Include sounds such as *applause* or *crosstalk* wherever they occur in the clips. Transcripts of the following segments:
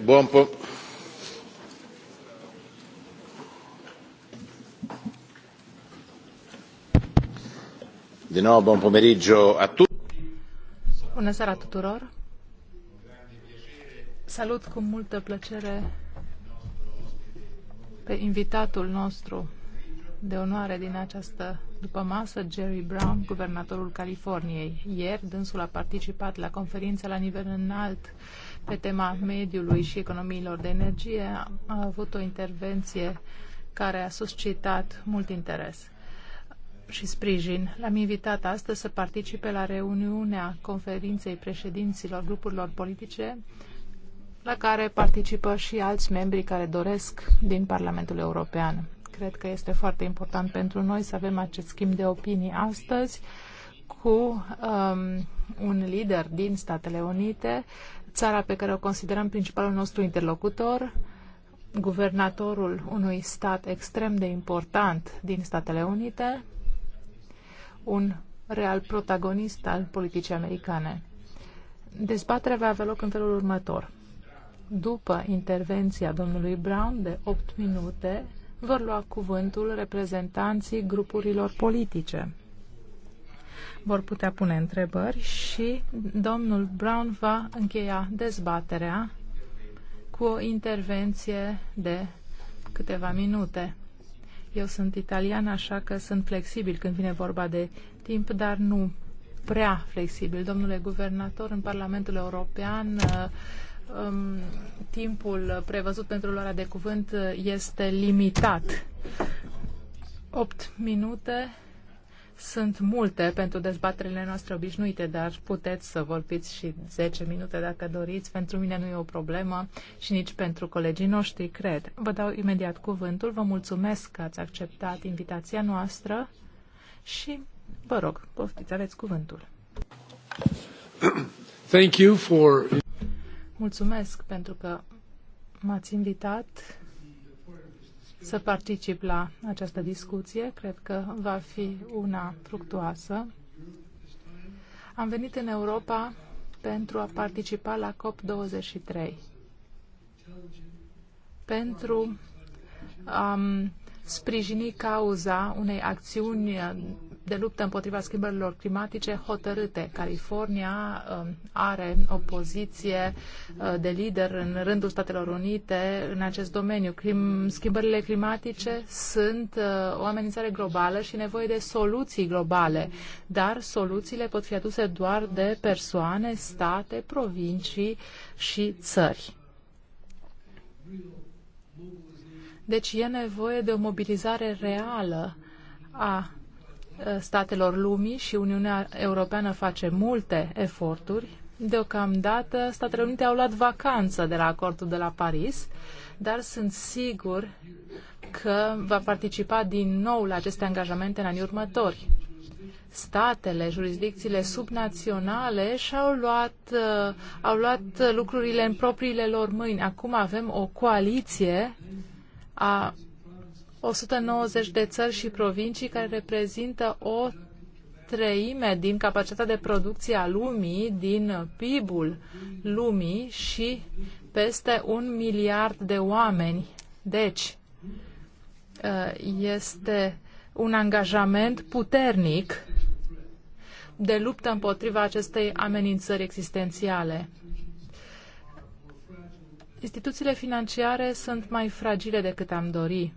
Buon po- Di nou, buon pomeriggio a tutti. Bună seara tuturor. Salut cu multă plăcere pe invitatul nostru de onoare din această după masă, Jerry Brown, guvernatorul Californiei. Ieri, dânsul a participat la conferința la nivel înalt pe tema mediului și economiilor de energie. A avut o intervenție care a suscitat mult interes și sprijin. L-am invitat astăzi să participe la reuniunea conferinței președinților grupurilor politice la care participă și alți membri care doresc din Parlamentul European. Cred că este foarte important pentru noi să avem acest schimb de opinii astăzi cu um, un lider din Statele Unite, țara pe care o considerăm principalul nostru interlocutor, guvernatorul unui stat extrem de important din Statele Unite, un real protagonist al politicii americane. Dezbaterea va avea loc în felul următor. După intervenția domnului Brown de 8 minute, vor lua cuvântul reprezentanții grupurilor politice. Vor putea pune întrebări și domnul Brown va încheia dezbaterea cu o intervenție de câteva minute. Eu sunt italian, așa că sunt flexibil când vine vorba de timp, dar nu prea flexibil. Domnule guvernator, în Parlamentul European um, timpul prevăzut pentru luarea de cuvânt este limitat. 8 minute sunt multe pentru dezbaterile noastre obișnuite, dar puteți să vorbiți și 10 minute dacă doriți. Pentru mine nu e o problemă și nici pentru colegii noștri, cred. Vă dau imediat cuvântul. Vă mulțumesc că ați acceptat invitația noastră și vă rog, poftiți, aveți cuvântul. Thank you for... Mulțumesc pentru că m-ați invitat să particip la această discuție. Cred că va fi una fructuoasă. Am venit în Europa pentru a participa la COP23, pentru a sprijini cauza unei acțiuni de luptă împotriva schimbărilor climatice hotărâte. California um, are o poziție uh, de lider în rândul Statelor Unite în acest domeniu. Schimbările climatice sunt uh, o amenințare globală și nevoie de soluții globale, dar soluțiile pot fi aduse doar de persoane, state, provincii și țări. Deci e nevoie de o mobilizare reală a statelor lumii și Uniunea Europeană face multe eforturi. Deocamdată, Statele Unite au luat vacanță de la acordul de la Paris, dar sunt sigur că va participa din nou la aceste angajamente în anii următori. Statele, jurisdicțiile subnaționale și-au luat, uh, au luat lucrurile în propriile lor mâini. Acum avem o coaliție a 190 de țări și provincii care reprezintă o treime din capacitatea de producție a lumii, din PIB-ul lumii și peste un miliard de oameni. Deci, ă, este un angajament puternic de luptă împotriva acestei amenințări existențiale. Instituțiile financiare sunt mai fragile decât am dori.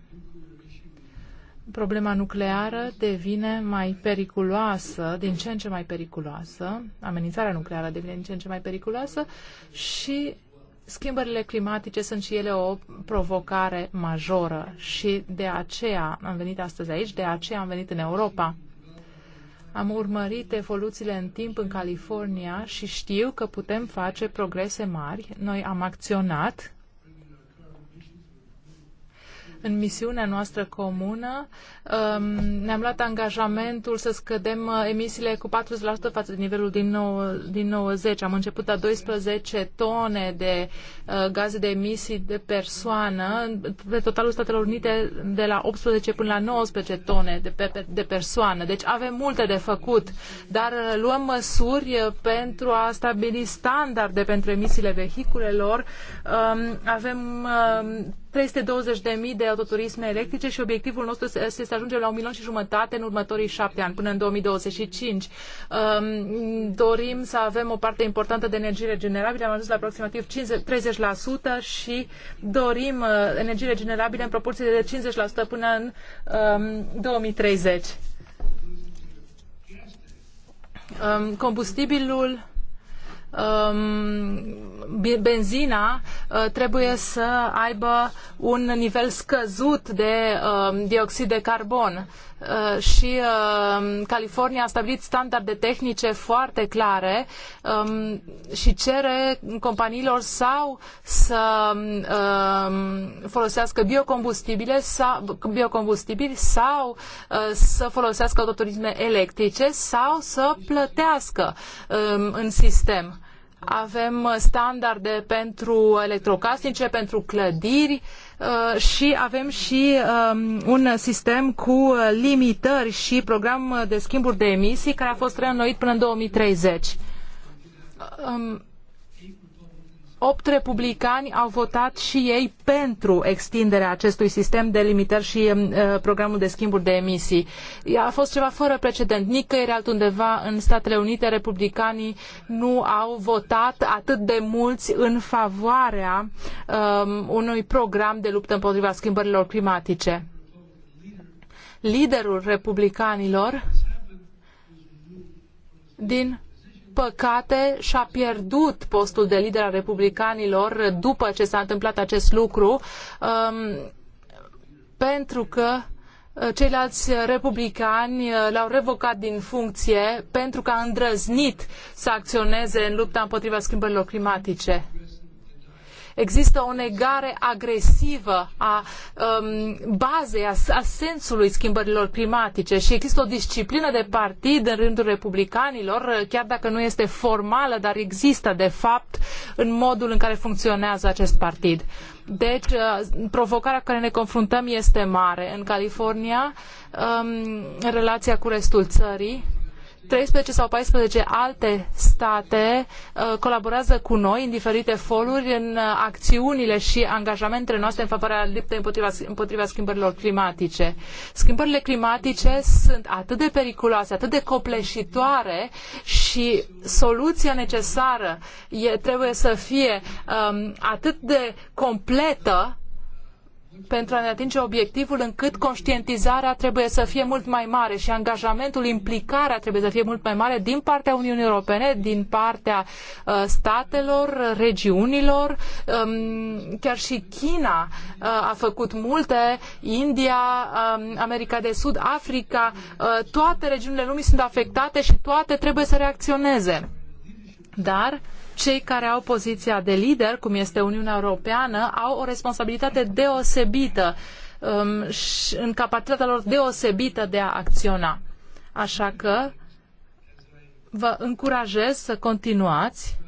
Problema nucleară devine mai periculoasă, din ce în ce mai periculoasă, amenințarea nucleară devine din ce în ce mai periculoasă și schimbările climatice sunt și ele o provocare majoră și de aceea am venit astăzi aici, de aceea am venit în Europa am urmărit evoluțiile în timp în California și știu că putem face progrese mari. Noi am acționat în misiunea noastră comună. Um, ne-am luat angajamentul să scădem uh, emisiile cu 40% față de nivelul din, nou, din 90. Am început la 12 tone de uh, gaze de emisii de persoană, pe totalul Statelor Unite de la 18 până la 19 tone de, pe, de persoană. Deci avem multe de făcut, dar uh, luăm măsuri pentru a stabili standarde pentru emisiile vehiculelor. Um, avem um, 320.000 de autoturisme electrice și obiectivul nostru este să ajungem la un milion și jumătate în următorii șapte ani, până în 2025. Um, dorim să avem o parte importantă de energie regenerabilă, am ajuns la aproximativ 50, 30% și dorim uh, energie regenerabilă în proporție de 50% până în 2030. Um, um, combustibilul Um, benzina uh, trebuie să aibă un nivel scăzut de um, dioxid de carbon uh, și um, California a stabilit standarde tehnice foarte clare și cere companiilor sau să folosească biocombustibile sau, biocombustibili sau uh, să folosească autoturisme electrice sau să plătească în sistem avem standarde pentru electrocasnice, pentru clădiri uh, și avem și um, un sistem cu limitări și program de schimburi de emisii care a fost reînnoit până în 2030 opt republicani au votat și ei pentru extinderea acestui sistem de limitări și uh, programul de schimburi de emisii. A fost ceva fără precedent. Nicăieri altundeva în Statele Unite republicanii nu au votat atât de mulți în favoarea um, unui program de luptă împotriva schimbărilor climatice. Liderul republicanilor din păcate, și-a pierdut postul de lider al republicanilor după ce s-a întâmplat acest lucru, um, pentru că uh, ceilalți republicani uh, l-au revocat din funcție pentru că a îndrăznit să acționeze în lupta împotriva schimbărilor climatice. Există o negare agresivă a um, bazei, a, a sensului schimbărilor climatice și există o disciplină de partid în rândul republicanilor, chiar dacă nu este formală, dar există de fapt în modul în care funcționează acest partid. Deci, uh, provocarea cu care ne confruntăm este mare. În California, în um, relația cu restul țării, treisprezece sau paisprezece alte state uh, colaborează cu noi în diferite foluri, în uh, acțiunile și angajamentele noastre în favoarea luptei împotriva, împotriva schimbărilor climatice. Schimbările climatice sunt atât de periculoase, atât de copleșitoare și soluția necesară e, trebuie să fie um, atât de completă pentru a ne atinge obiectivul încât conștientizarea trebuie să fie mult mai mare și angajamentul, implicarea trebuie să fie mult mai mare din partea Uniunii Europene, din partea uh, statelor, regiunilor, um, chiar și China uh, a făcut multe, India, um, America de Sud, Africa, uh, toate regiunile lumii sunt afectate și toate trebuie să reacționeze. Dar cei care au poziția de lider, cum este Uniunea Europeană, au o responsabilitate deosebită um, și în capacitatea lor deosebită de a acționa. Așa că vă încurajez să continuați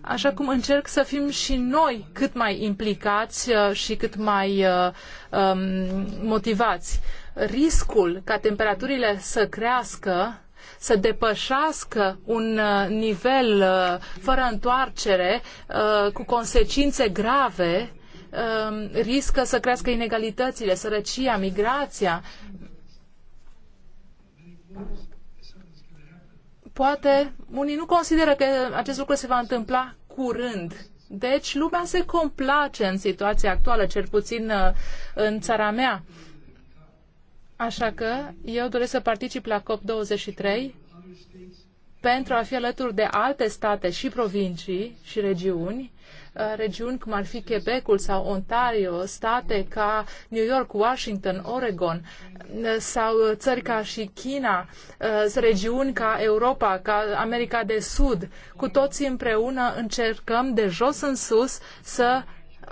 așa cum încerc să fim și noi cât mai implicați uh, și cât mai uh, um, motivați riscul ca temperaturile să crească să depășească un uh, nivel uh, fără întoarcere uh, cu consecințe grave, um, riscă să crească inegalitățile, sărăcia, migrația. Poate unii nu consideră că acest lucru se va întâmpla curând. Deci lumea se complace în situația actuală, cel puțin în țara mea. Așa că eu doresc să particip la COP23 pentru a fi alături de alte state și provincii și regiuni, uh, regiuni cum ar fi Quebecul sau Ontario, state ca New York, Washington, Oregon uh, sau țări ca și China, uh, regiuni ca Europa, ca America de Sud. Cu toții împreună încercăm de jos în sus să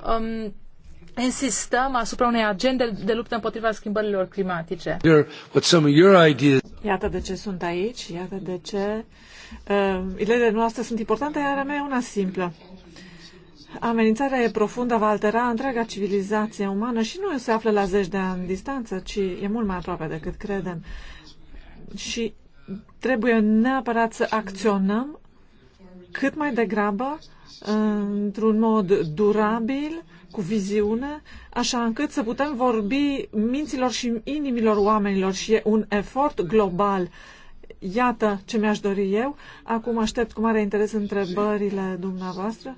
um, insistăm asupra unei agende de luptă împotriva schimbărilor climatice. Iată de ce sunt aici, iată de ce uh, ideile noastre sunt importante, iar a mea e una simplă. Amenințarea e profundă, va altera întreaga civilizație umană și nu se află la zeci de ani distanță, ci e mult mai aproape decât credem. Și trebuie neapărat să acționăm cât mai degrabă, uh, într-un mod durabil, cu viziune, așa încât să putem vorbi minților și inimilor oamenilor și e un efort global. Iată ce mi-aș dori eu. Acum aștept cu mare interes întrebările dumneavoastră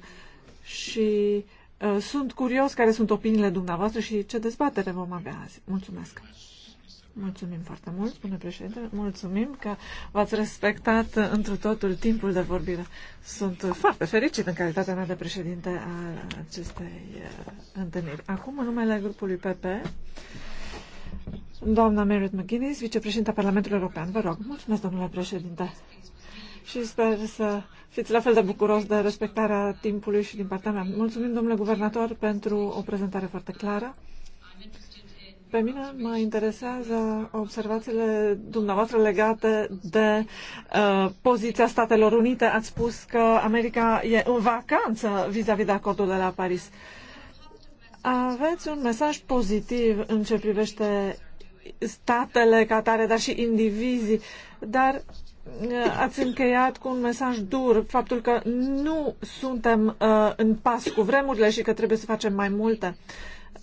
și uh, sunt curios care sunt opiniile dumneavoastră și ce dezbatere vom avea azi. Mulțumesc! Mulțumim foarte mult, spune președinte. Mulțumim că v-ați respectat întru totul timpul de vorbire. Sunt foarte fericit în calitatea mea de președinte a acestei uh, întâlniri. Acum, în numele grupului PP, doamna Merit McGuinness, vicepreședinta Parlamentului European. Vă rog, mulțumesc, domnule președinte. Și sper să fiți la fel de bucuros de respectarea timpului și din partea mea. Mulțumim, domnule guvernator, pentru o prezentare foarte clară pe mine mă interesează observațiile dumneavoastră legate de uh, poziția Statelor Unite. Ați spus că America e în vacanță vis-a-vis -vis de acordul de la Paris. Aveți un mesaj pozitiv în ce privește statele ca tare, dar și indivizii, dar uh, ați încheiat cu un mesaj dur, faptul că nu suntem uh, în pas cu vremurile și că trebuie să facem mai multe. Uh,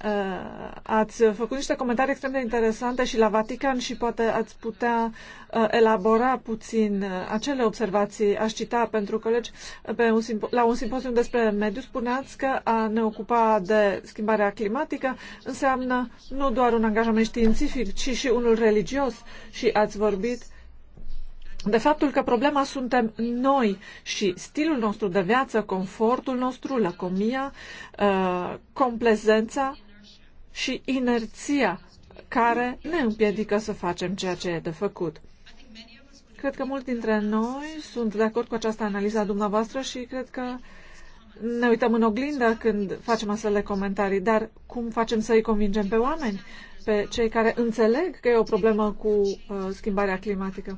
Uh, ați făcut niște comentarii extrem de interesante și la Vatican și poate ați putea uh, elabora puțin uh, acele observații. Aș cita pentru colegi pe un la un simpozium despre mediu spuneați că a ne ocupa de schimbarea climatică înseamnă nu doar un angajament științific, ci și unul religios și ați vorbit de faptul că problema suntem noi și stilul nostru de viață, confortul nostru, lacomia, complezența și inerția care ne împiedică să facem ceea ce e de făcut. Cred că mulți dintre noi sunt de acord cu această analiză a dumneavoastră și cred că ne uităm în oglindă când facem astfel de comentarii, dar cum facem să îi convingem pe oameni, pe cei care înțeleg că e o problemă cu uh, schimbarea climatică?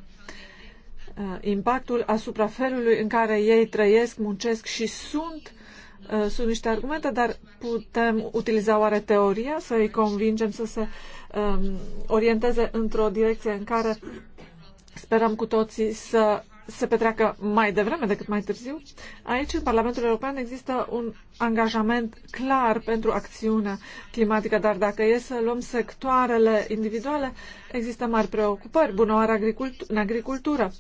Uh, impactul asupra felului în care ei trăiesc, muncesc și sunt Uh, sunt niște argumente, dar putem utiliza oare teoria să îi convingem să se um, orienteze într-o direcție în care sperăm cu toții să se petreacă mai devreme decât mai târziu. Aici, în Parlamentul European, există un angajament clar pentru acțiunea climatică, dar dacă e să luăm sectoarele individuale, există mari preocupări. Bună oară în agricultură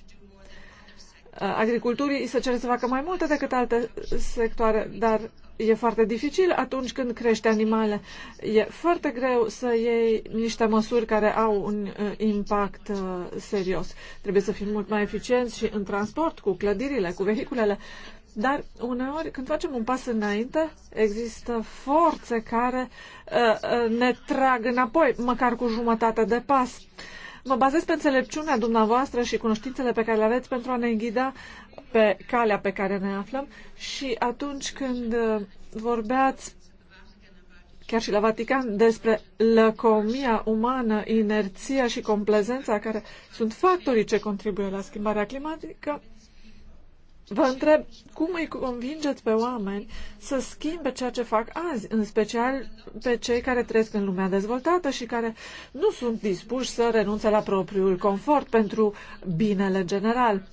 agriculturii se cere să facă mai multe decât alte sectoare, dar e foarte dificil atunci când crește animale. E foarte greu să iei niște măsuri care au un uh, impact uh, serios. Trebuie să fim mult mai eficienți și în transport, cu clădirile, cu vehiculele. Dar uneori, când facem un pas înainte, există forțe care uh, uh ne trag înapoi, măcar cu jumătate de pas. Uh, Mă bazez pe înțelepciunea dumneavoastră și cunoștințele pe care le aveți pentru a ne ghida pe calea pe care ne aflăm și atunci când uh, vorbeați chiar și la Vatican, despre lăcomia umană, inerția și complezența care sunt factorii ce contribuie la schimbarea climatică, Vă întreb cum îi convingeți pe oameni să schimbe ceea ce fac azi, în special pe cei care trăiesc în lumea dezvoltată și care nu sunt dispuși să renunțe la propriul confort pentru binele general.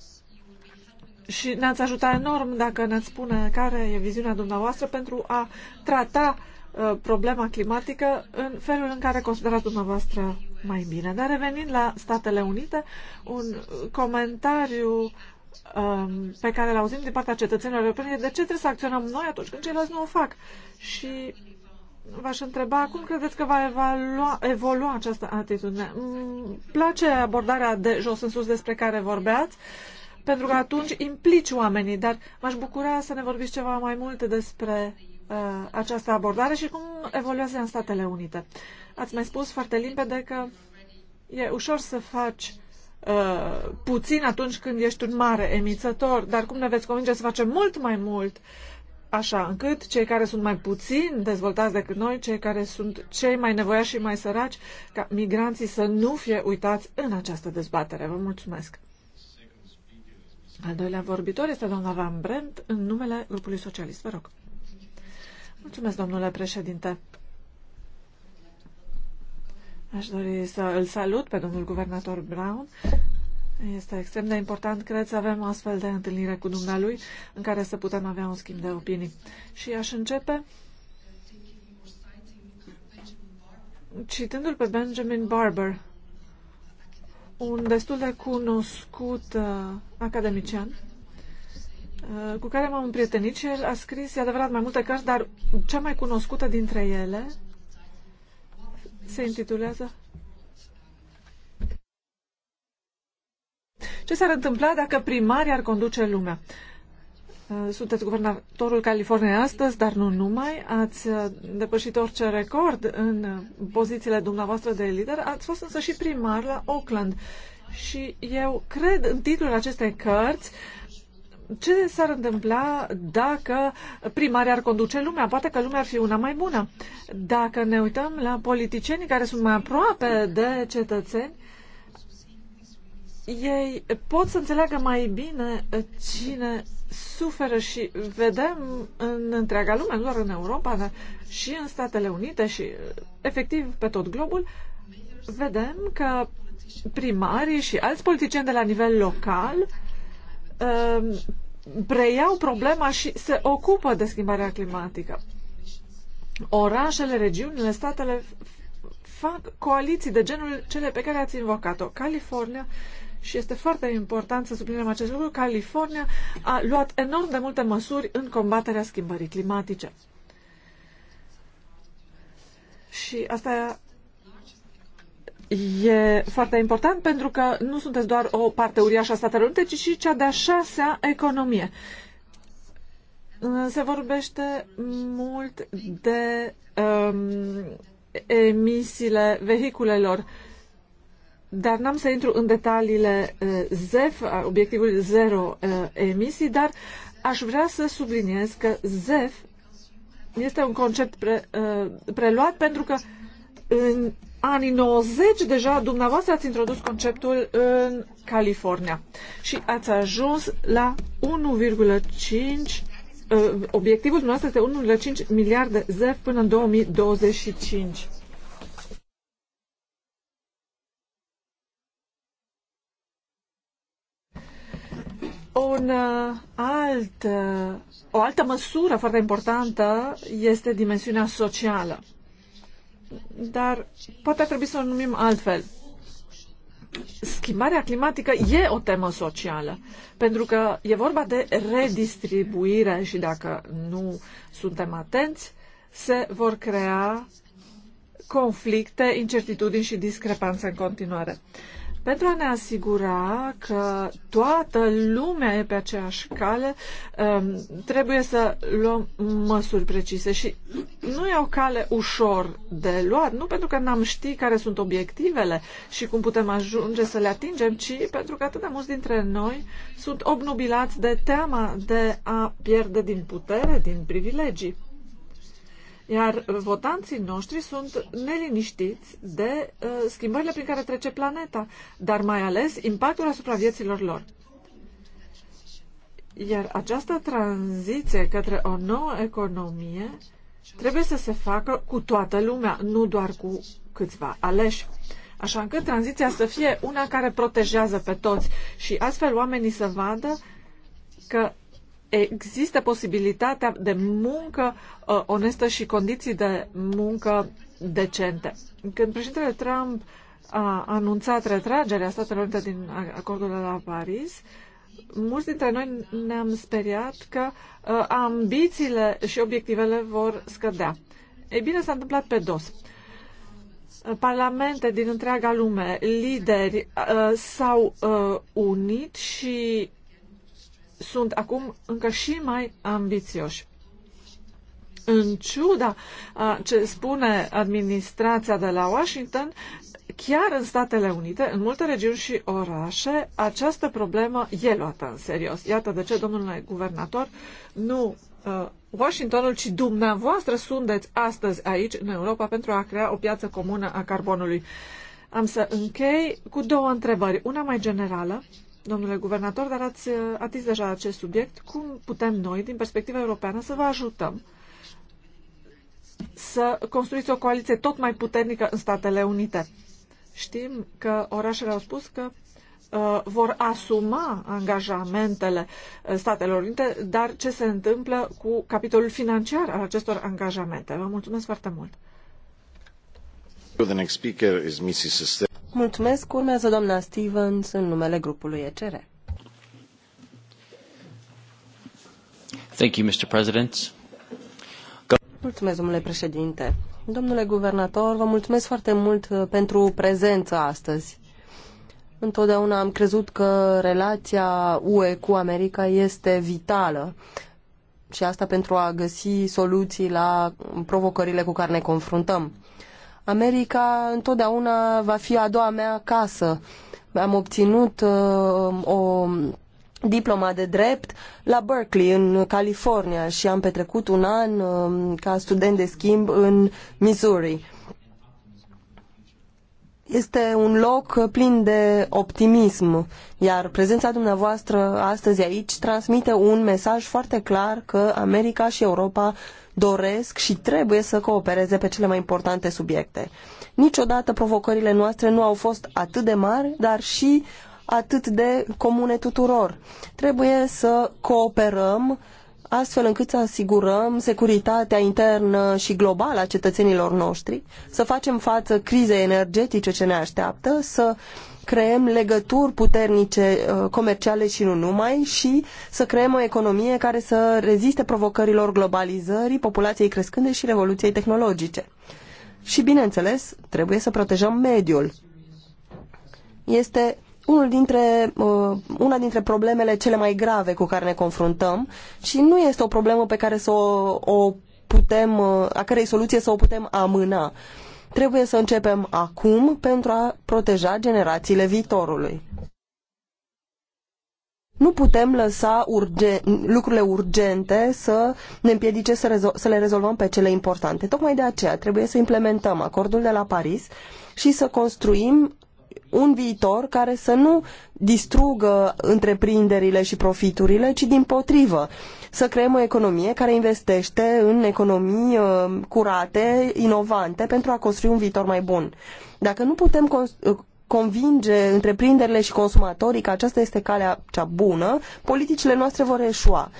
Și ne-ați ajutat enorm dacă ne-ați spune care e viziunea dumneavoastră pentru a trata uh, problema climatică în felul în care considerați dumneavoastră mai bine. Dar revenind la Statele Unite, un comentariu Um, pe care le auzim din partea cetățenilor europeni, de ce trebuie să acționăm noi atunci când ceilalți nu o fac? Și v-aș întreba cum credeți că va evalua, evolua această atitudine. Îmi mm, place abordarea de jos în sus despre care vorbeați, pentru că atunci implici oamenii, dar m-aș bucura să ne vorbiți ceva mai multe despre uh, această abordare și cum evoluează în Statele Unite. Ați mai spus foarte limpede că e ușor să faci Uh, puțin atunci când ești un mare emițător, dar cum ne veți convinge să facem mult mai mult așa încât cei care sunt mai puțin dezvoltați decât noi, cei care sunt cei mai nevoiași și mai săraci, ca migranții să nu fie uitați în această dezbatere. Vă mulțumesc! Al doilea vorbitor este doamna Van Brent în numele grupului socialist. Vă rog. Mulțumesc, domnule președinte. Aș dori să îl salut pe domnul guvernator Brown. Este extrem de important, cred, să avem o astfel de întâlnire cu dumnealui în care să putem avea un schimb de opinii. Și aș începe citându-l pe Benjamin Barber, un destul de cunoscut uh, academician, uh, cu care m-am împrietenit și el a scris, e adevărat, mai multe cărți, dar cea mai cunoscută dintre ele se intitulează Ce s-ar întâmpla dacă primarii ar conduce lumea? Uh, sunteți guvernatorul Californiei astăzi, dar nu numai. Ați uh, depășit orice record în uh, pozițiile dumneavoastră de lider. Ați fost însă și primar la Oakland. Și eu cred în titlul acestei cărți uh, ce s-ar întâmpla dacă primarii ar conduce lumea? Poate că lumea ar fi una mai bună. Dacă ne uităm la politicienii care sunt mai aproape de cetățeni, ei pot să înțeleagă mai bine cine suferă și vedem în întreaga lume, nu doar în Europa, dar și în Statele Unite și efectiv pe tot globul, vedem că primarii și alți politicieni de la nivel local uh, preiau problema și se ocupă de schimbarea climatică. Orașele, regiunile, statele fac coaliții de genul cele pe care ați invocat-o. California, și este foarte important să subliniem acest lucru, California a luat enorm de multe măsuri în combaterea schimbării climatice. Și asta E foarte important pentru că nu sunteți doar o parte uriașă a Statelor Unite, ci și cea de-a șasea economie. Se vorbește mult de um, emisiile vehiculelor, dar n-am să intru în detaliile uh, ZEF, obiectivul zero uh, emisii, dar aș vrea să subliniez că ZEF este un concept pre, uh, preluat pentru că în anii 90 deja dumneavoastră ați introdus conceptul în California și ați ajuns la 1,5 uh, obiectivul dumneavoastră este 1,5 miliarde ZEF până în 2025. Un uh, alt, uh, o altă măsură foarte importantă este dimensiunea socială dar poate ar trebui să o numim altfel. Schimbarea climatică e o temă socială, pentru că e vorba de redistribuire și dacă nu suntem atenți, se vor crea conflicte, incertitudini și discrepanțe în continuare pentru a ne asigura că toată lumea e pe aceeași cale, um, trebuie să luăm măsuri precise și nu e o cale ușor de luat, nu pentru că n-am ști care sunt obiectivele și cum putem ajunge să le atingem, ci pentru că atât de mulți dintre noi sunt obnubilați de teama de a pierde din putere, din privilegii. Iar votanții noștri sunt neliniștiți de uh, schimbările prin care trece planeta, dar mai ales impactul asupra vieților lor. Iar această tranziție către o nouă economie trebuie să se facă cu toată lumea, nu doar cu câțiva aleși. Așa încât tranziția să fie una care protejează pe toți și astfel oamenii să vadă că există posibilitatea de muncă uh, onestă și condiții de muncă decente. Când președintele Trump a anunțat retragerea Statelor Unite din acordul de la Paris, mulți dintre noi ne-am speriat că uh, ambițiile și obiectivele vor scădea. Ei bine, s-a întâmplat pe dos. Parlamente din întreaga lume, lideri, uh, s-au uh, unit și sunt acum încă și mai ambițioși. În ciuda a ce spune administrația de la Washington, chiar în Statele Unite, în multe regiuni și orașe, această problemă e luată în serios. Iată de ce, domnule guvernator, nu uh, Washingtonul, ci dumneavoastră sunteți astăzi aici, în Europa, pentru a crea o piață comună a carbonului. Am să închei cu două întrebări. Una mai generală domnule guvernator, dar ați uh, atins deja acest subiect. Cum putem noi, din perspectiva europeană, să vă ajutăm să construiți o coaliție tot mai puternică în Statele Unite? Știm că orașele au spus că uh, vor asuma angajamentele uh, Statelor Unite, dar ce se întâmplă cu capitolul financiar al acestor angajamente? Vă mulțumesc foarte mult! The next speaker is Mrs. Mulțumesc. Urmează doamna Stevens în numele grupului ECR. Thank you, Mr. President. Go mulțumesc, domnule președinte. Domnule guvernator, vă mulțumesc foarte mult uh, pentru prezența astăzi. Întotdeauna am crezut că relația UE cu America este vitală și asta pentru a găsi soluții la provocările cu care ne confruntăm. America întotdeauna va fi a doua mea casă. Am obținut uh, o diploma de drept la Berkeley, în California, și am petrecut un an uh, ca student de schimb în Missouri. Este un loc plin de optimism, iar prezența dumneavoastră astăzi aici transmite un mesaj foarte clar că America și Europa doresc și trebuie să coopereze pe cele mai importante subiecte. Niciodată provocările noastre nu au fost atât de mari, dar și atât de comune tuturor. Trebuie să cooperăm astfel încât să asigurăm securitatea internă și globală a cetățenilor noștri, să facem față crizei energetice ce ne așteaptă, să uh, creăm legături puternice uh, comerciale și nu numai și să creăm o economie care să reziste provocărilor globalizării, populației crescânde și revoluției tehnologice. Și, bineînțeles, trebuie să protejăm mediul. Este unul dintre, uh, una dintre problemele cele mai grave cu care ne confruntăm și nu este o problemă pe care să o, o putem, uh, a cărei soluție să o putem amâna. Trebuie să începem acum pentru a proteja generațiile viitorului. Nu putem lăsa urge, lucrurile urgente să ne împiedice să, rezol, să le rezolvăm pe cele importante. Tocmai de aceea trebuie să implementăm acordul de la Paris și să construim un viitor care să nu distrugă întreprinderile și profiturile, ci din potrivă să creăm o economie care investește în economii uh, curate, inovante, pentru a construi un viitor mai bun. Dacă nu putem uh, convinge întreprinderile și consumatorii că aceasta este calea cea bună, politicile noastre vor eșua.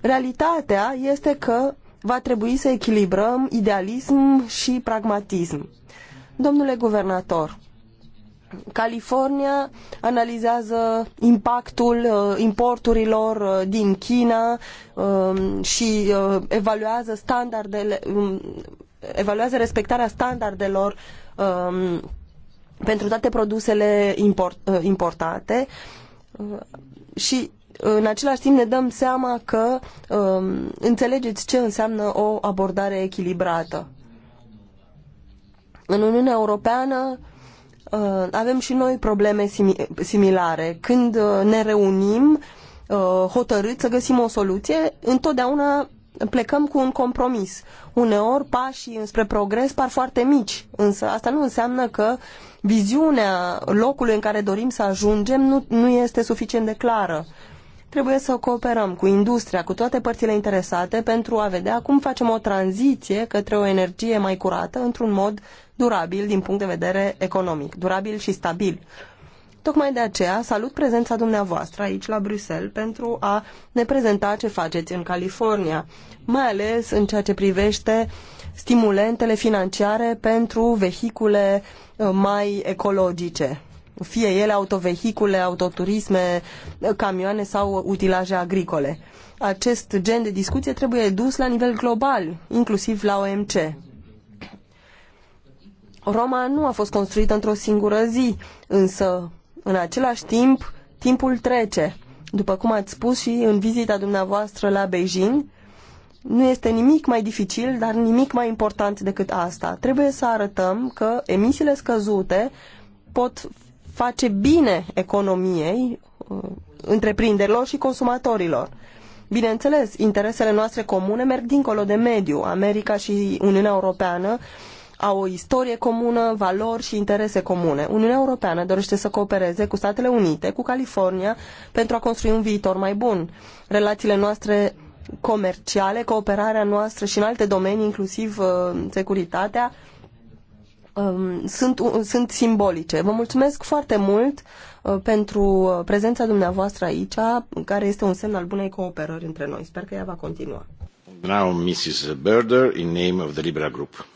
Realitatea este că va trebui să echilibrăm idealism și pragmatism. Domnule guvernator, California analizează impactul uh, importurilor uh, din China um, și uh, evaluează standardele um, evaluează respectarea standardelor um, pentru toate produsele importate și în același timp ne dăm seama că înțelegeți ce înseamnă o abordare echilibrată. În Uniunea Europeană Uh, avem și noi probleme similare. Când uh, ne reunim uh, hotărât să găsim o soluție, întotdeauna plecăm cu un compromis. Uneori pașii înspre progres par foarte mici, însă asta nu înseamnă că viziunea locului în care dorim să ajungem nu, nu este suficient de clară. Trebuie să cooperăm cu industria, cu toate părțile interesate pentru a vedea cum facem o tranziție către o energie mai curată într-un mod durabil din punct de vedere economic, durabil și stabil. Tocmai de aceea salut prezența dumneavoastră aici la Bruxelles pentru a ne prezenta ce faceți în California, mai ales în ceea ce privește stimulentele financiare pentru vehicule uh, mai ecologice, fie ele autovehicule, autoturisme, uh, camioane sau utilaje agricole. Acest gen de discuție trebuie dus la nivel global, inclusiv la OMC. Roma nu a fost construită într-o singură zi, însă, în același timp, timpul trece. După cum ați spus și în vizita dumneavoastră la Beijing, nu este nimic mai dificil, dar nimic mai important decât asta. Trebuie să arătăm că emisiile scăzute pot face bine economiei, uh, întreprinderilor și consumatorilor. Bineînțeles, interesele noastre comune merg dincolo de mediu. America și Uniunea Europeană au o istorie comună, valori și interese comune. Uniunea Europeană dorește să coopereze cu Statele Unite, cu California, pentru a construi un viitor mai bun. Relațiile noastre comerciale, cooperarea noastră și în alte domenii, inclusiv uh, securitatea, um, sunt, uh, sunt simbolice. Vă mulțumesc foarte mult uh, pentru uh, prezența dumneavoastră aici, care este un semn al bunei cooperări între noi. Sper că ea va continua. Now, Mrs. Berder, in name of the Libra Group.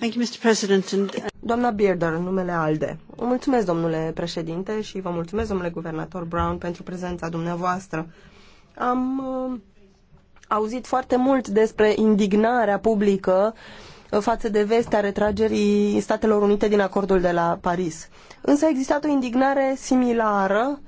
Uh, Doamna în numele ALDE. Mulțumesc, domnule președinte, și vă mulțumesc, domnule guvernator Brown, pentru prezența dumneavoastră. Am uh, auzit foarte mult despre indignarea publică uh, față de vestea retragerii Statelor Unite din acordul de la Paris. Însă a existat o indignare similară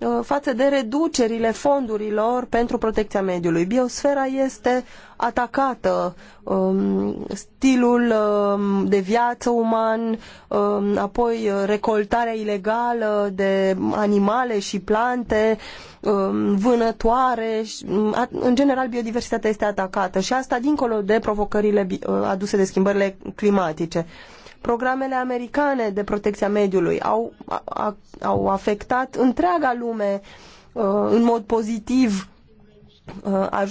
Uh, față de reducerile fondurilor pentru protecția mediului. Biosfera este atacată, um, stilul um, de viață uman, um, apoi uh, recoltarea ilegală de animale și plante, vânătoare, în general biodiversitatea este atacată și asta dincolo de provocările uh, aduse de schimbările climatice. Programele americane de protecția mediului au, a, au afectat întreaga lume uh, în mod pozitiv, uh,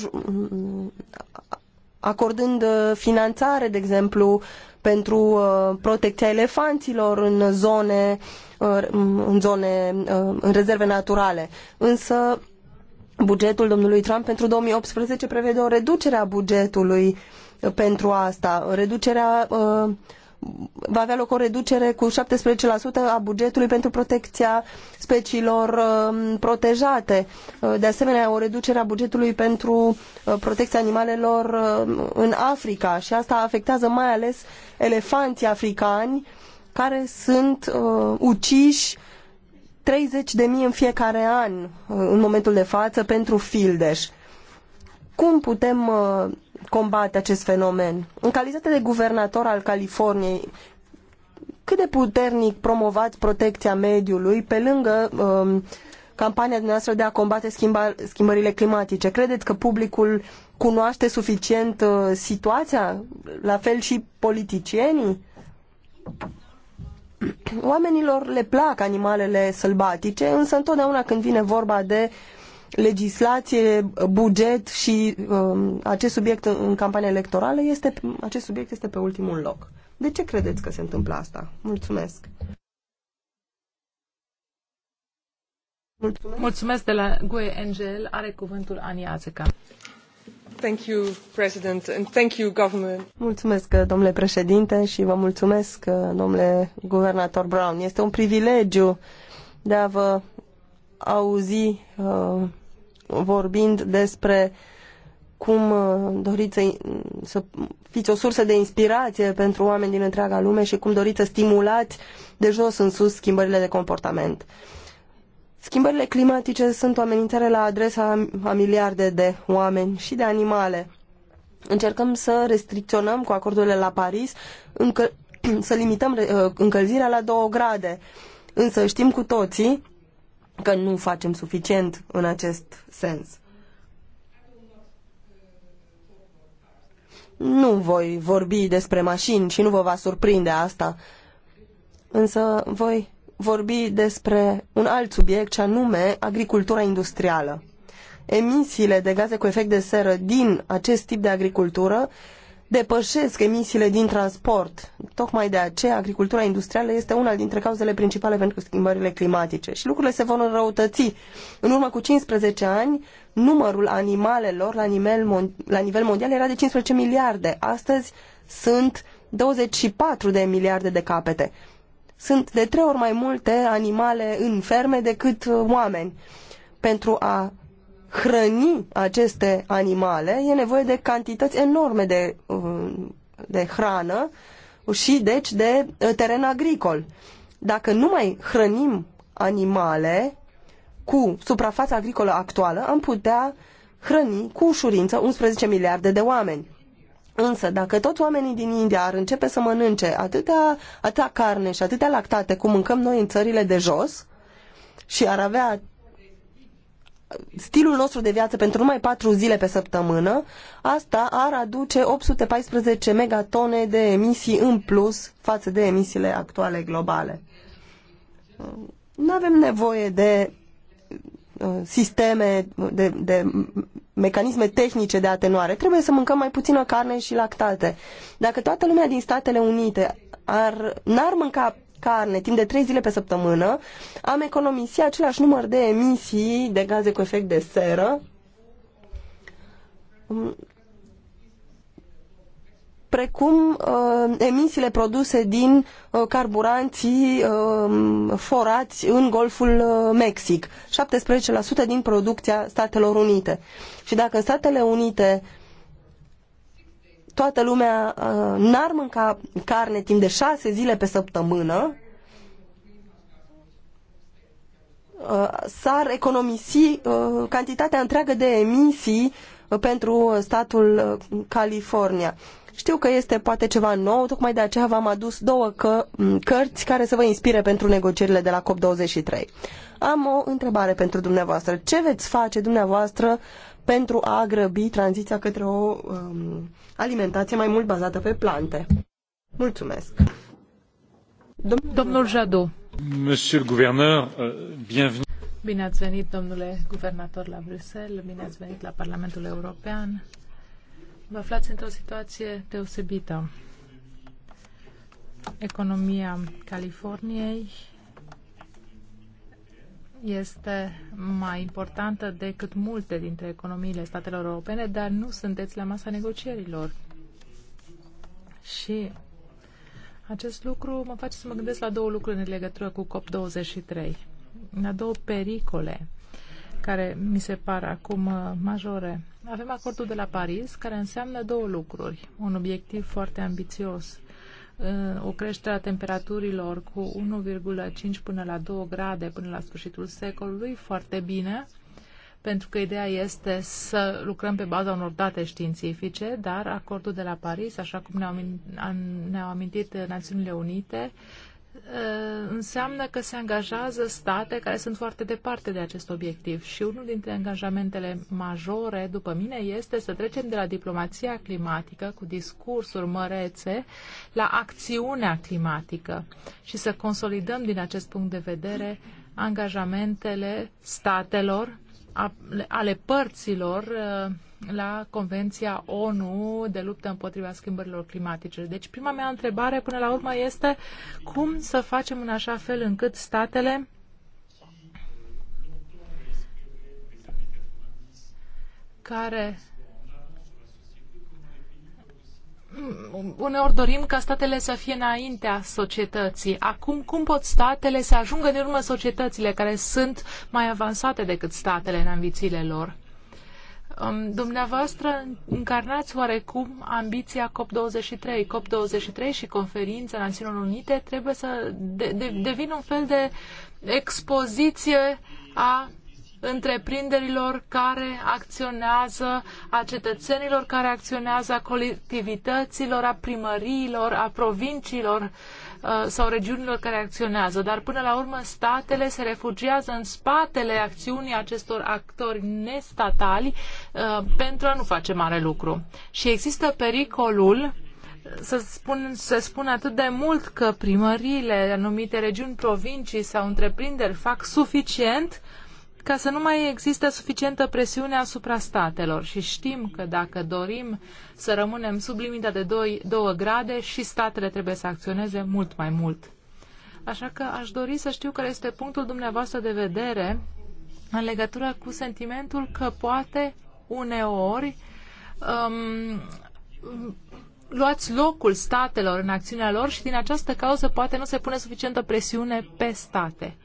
acordând uh, finanțare, de exemplu, pentru protecția elefanților în zone, în zone, în rezerve naturale. Însă bugetul domnului Trump pentru 2018 prevede o reducere a bugetului pentru asta, reducerea uh, va avea loc o reducere cu 17% a bugetului pentru protecția speciilor um, protejate. Uh, de asemenea, o reducere a bugetului pentru uh, protecția animalelor uh, în Africa și asta afectează mai ales elefanții africani care sunt uh, uciși 30 de mii în fiecare an în momentul de față pentru fildeș. Cum putem combate acest fenomen. În calitate de guvernator al Californiei, cât de puternic promovați protecția mediului pe lângă um, campania noastră de a combate schimba, schimbările climatice? Credeți că publicul cunoaște suficient uh, situația? La fel și politicienii? Oamenilor le plac animalele sălbatice, însă întotdeauna când vine vorba de uh, legislație, buget și um, acest subiect în campania electorală, este, acest subiect este pe ultimul loc. De ce credeți că se întâmplă asta? Mulțumesc! Mulțumesc, Mulțumesc de la GUE NGL. Are cuvântul Ania Azeca. Thank you, President, and thank you, government. Mulțumesc, domnule președinte, și vă mulțumesc, domnule guvernator Brown. Este un privilegiu de a vă auzi uh, vorbind despre cum uh, doriți să, să fiți o sursă de inspirație pentru oameni din întreaga lume și cum doriți să stimulați de jos în sus schimbările de comportament. Schimbările climatice sunt o amenințare la adresa a miliarde de oameni și de animale. Încercăm să restricționăm cu acordurile la Paris, încă, *clears throat* să limităm uh, încălzirea la 2 grade. Însă știm cu toții că nu facem suficient în acest sens. Nu voi vorbi despre mașini și nu vă va surprinde asta, însă voi vorbi despre un alt subiect, ce anume agricultura industrială. Emisiile de gaze cu efect de seră din acest tip de agricultură depășesc emisiile din transport. Tocmai de aceea, agricultura industrială este una dintre cauzele principale pentru schimbările climatice și lucrurile se vor înrăutăți. În urmă cu 15 ani, numărul animalelor la nivel, la nivel mondial era de 15 miliarde. Astăzi sunt 24 de miliarde de capete. Sunt de trei ori mai multe animale în ferme decât uh, oameni. Pentru a hrăni aceste animale, e nevoie de cantități enorme de, de hrană și deci de uh, teren agricol. Dacă nu mai hrănim animale cu suprafața agricolă actuală, am putea hrăni cu ușurință 11 miliarde de oameni. Însă, dacă toți oamenii din India ar începe să mănânce atâta, atâta carne și atâtea lactate cum mâncăm noi în țările de jos și ar avea stilul nostru de viață pentru numai patru zile pe săptămână, asta ar aduce 814 megatone de emisii în plus față de emisiile actuale globale. Nu avem nevoie de uh, sisteme, de, de mecanisme tehnice de atenuare. Trebuie să mâncăm mai puțină carne și lactate. Dacă toată lumea din Statele Unite ar, n-ar mânca carne timp de 3 zile pe săptămână, am economisit același număr de emisii de gaze cu efect de seră precum uh, emisiile produse din uh, carburanții uh, forați în Golful uh, Mexic, 17% din producția Statelor Unite. Și dacă Statele Unite uh, toată lumea uh, n-ar mânca carne timp de șase zile pe săptămână, uh, s-ar economisi uh, cantitatea întreagă de emisii pentru statul California. Știu că este poate ceva nou, tocmai de aceea v-am adus două că, mm, cărți care să vă inspire pentru negocierile de la COP23. Am o întrebare pentru dumneavoastră. Ce veți face dumneavoastră pentru a grăbi tranziția către o um, alimentație mai mult bazată pe plante. Mulțumesc. Domnul, Jadu. Monsieur le gouverneur, euh, bienvenue. Bine ați venit, domnule guvernator, la Bruxelles, bine ați venit la Parlamentul European. Vă aflați într-o situație deosebită. Economia Californiei este mai importantă decât multe dintre economiile statelor europene, dar nu sunteți la masa negocierilor. Și acest lucru mă face să mă gândesc la două lucruri în legătură cu COP23, la două pericole care mi se par acum uh, majore. Avem acordul de la Paris, care înseamnă două lucruri. Un obiectiv foarte ambițios Eh, o creștere a temperaturilor cu 1,5 până la 2 grade până la sfârșitul secolului, foarte bine, pentru că ideea este să lucrăm pe baza unor date științifice, dar acordul de la Paris, așa cum ne-au amintit Națiunile Unite, Uh, înseamnă că se angajează state care sunt foarte departe de acest obiectiv și unul dintre angajamentele majore, după mine, este să trecem de la diplomația climatică cu discursuri mărețe la acțiunea climatică și să consolidăm din acest punct de vedere angajamentele statelor, ale părților uh, la Convenția ONU de luptă împotriva schimbărilor climatice. Deci prima mea întrebare până la urmă este cum să facem în așa fel încât statele care uneori dorim ca statele să fie înaintea societății. Acum, cum pot statele să ajungă în urmă societățile care sunt mai avansate decât statele în ambițiile lor? Dumneavoastră încarnați oarecum ambiția COP23. COP23 și conferința Națiunilor Unite trebuie să de, de, devină un fel de expoziție a întreprinderilor care acționează, a cetățenilor care acționează, a colectivităților, a primăriilor, a provinciilor Uh, sau regiunilor care acționează, dar până la urmă statele se refugiază în spatele acțiunii acestor actori nestatali uh, pentru a nu face mare lucru. Și există pericolul uh, să spun, să spun atât de mult că primăriile, anumite regiuni, provincii sau întreprinderi fac suficient ca să nu mai există suficientă presiune asupra statelor. Și știm că dacă dorim să rămânem sub limita de 2, 2 grade și statele trebuie să acționeze mult mai mult. Așa că aș dori să știu care este punctul dumneavoastră de vedere în legătură cu sentimentul că poate uneori um, luați locul statelor în acțiunea lor și din această cauză poate nu se pune suficientă presiune pe state.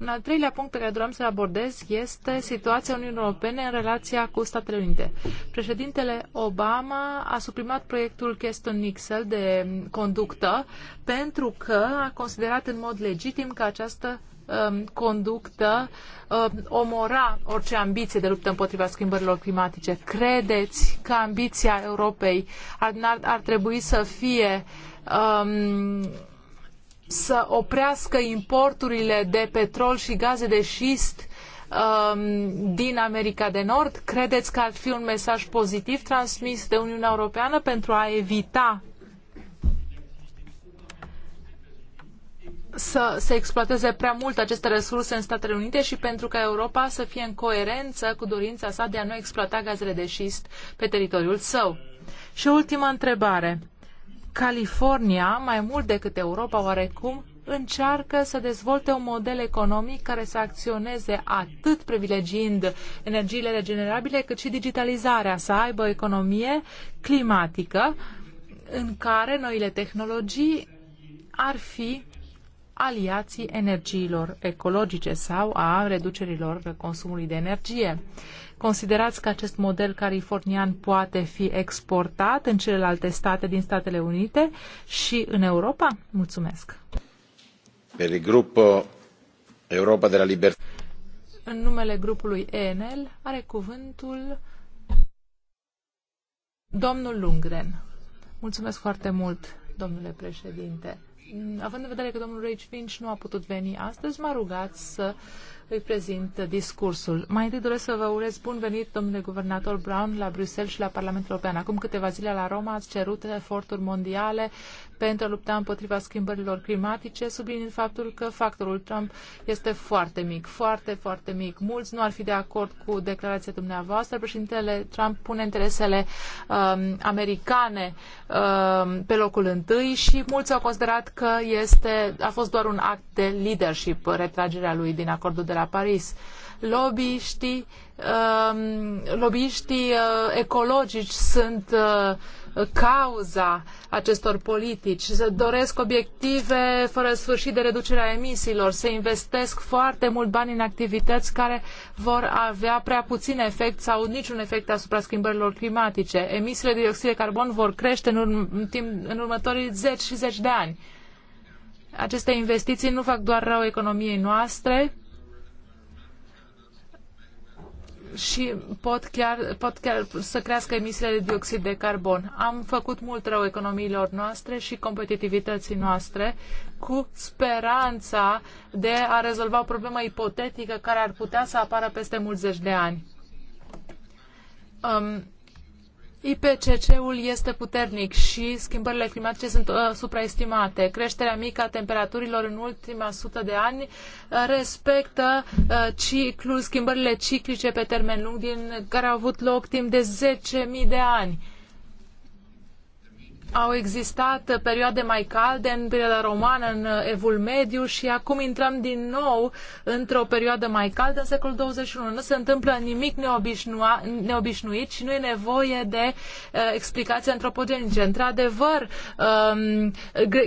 Un al treilea punct pe care doream să-l abordez este situația Uniunii Europene în relația cu Statele Unite. Președintele Obama a suprimat proiectul Keston Nixel de conductă pentru că a considerat în mod legitim că această um, conductă um, omora orice ambiție de luptă împotriva schimbărilor climatice. Credeți că ambiția Europei ar, ar trebui să fie um, să oprească importurile de petrol și gaze de șist um, din America de Nord? Credeți că ar fi un mesaj pozitiv transmis de Uniunea Europeană pentru a evita să se exploateze prea mult aceste resurse în Statele Unite și pentru ca Europa să fie în coerență cu dorința sa de a nu exploata gazele de șist pe teritoriul său. Și ultima întrebare. California, mai mult decât Europa oarecum, încearcă să dezvolte un model economic care să acționeze atât privilegiind energiile regenerabile, cât și digitalizarea, să aibă o economie climatică în care noile tehnologii ar fi aliații energiilor ecologice sau a reducerilor consumului de energie. Considerați că acest model californian poate fi exportat în celelalte state din Statele Unite și în Europa? Mulțumesc. Per il gruppo Europa della Libertà. În numele grupului ENL are cuvântul domnul Lungren. Mulțumesc foarte mult, domnule președinte. Având în vedere că domnul Rage Finch nu a putut veni astăzi, m-a rugat să uh, îi prezint discursul. Mai întâi doresc să vă urez bun venit, domnule guvernator Brown, la Bruxelles și la Parlamentul European. Acum câteva zile la Roma ați cerut eforturi mondiale pentru a lupta împotriva schimbărilor climatice, subliniind faptul că factorul Trump este foarte mic, foarte, foarte mic. Mulți nu ar fi de acord cu declarația dumneavoastră. Președintele Trump pune interesele um, americane um, pe locul întâi și mulți au considerat că este, a fost doar un act de leadership, retragerea lui din acordul de la Paris lobbyiștii, um, lobbyiștii uh, ecologici sunt uh, cauza acestor politici, doresc obiective fără sfârșit de reducere a emisiilor, se investesc foarte mult bani în activități care vor avea prea puțin efect sau niciun efect asupra schimbărilor climatice. Emisiile de dioxid de carbon vor crește în, urm- timp, în următorii zeci și zeci de ani. Aceste investiții nu fac doar rău economiei noastre, și pot chiar, pot chiar să crească emisiile de dioxid de carbon. Am făcut mult rău economiilor noastre și competitivității noastre cu speranța de a rezolva o problemă ipotetică care ar putea să apară peste mulți zeci de ani. Um, IPCC-ul este puternic și schimbările climatice sunt uh, supraestimate. Creșterea mică a temperaturilor în ultima sută de ani uh, respectă uh, ciclul, schimbările ciclice pe termen lung din, care au avut loc timp de 10.000 de ani au existat perioade mai calde în perioada romană, în Evul Mediu și acum intrăm din nou într-o perioadă mai caldă în secolul 21. Nu se întâmplă nimic neobișnua, neobișnuit și nu e nevoie de uh, explicații antropogenice. Într-adevăr, um,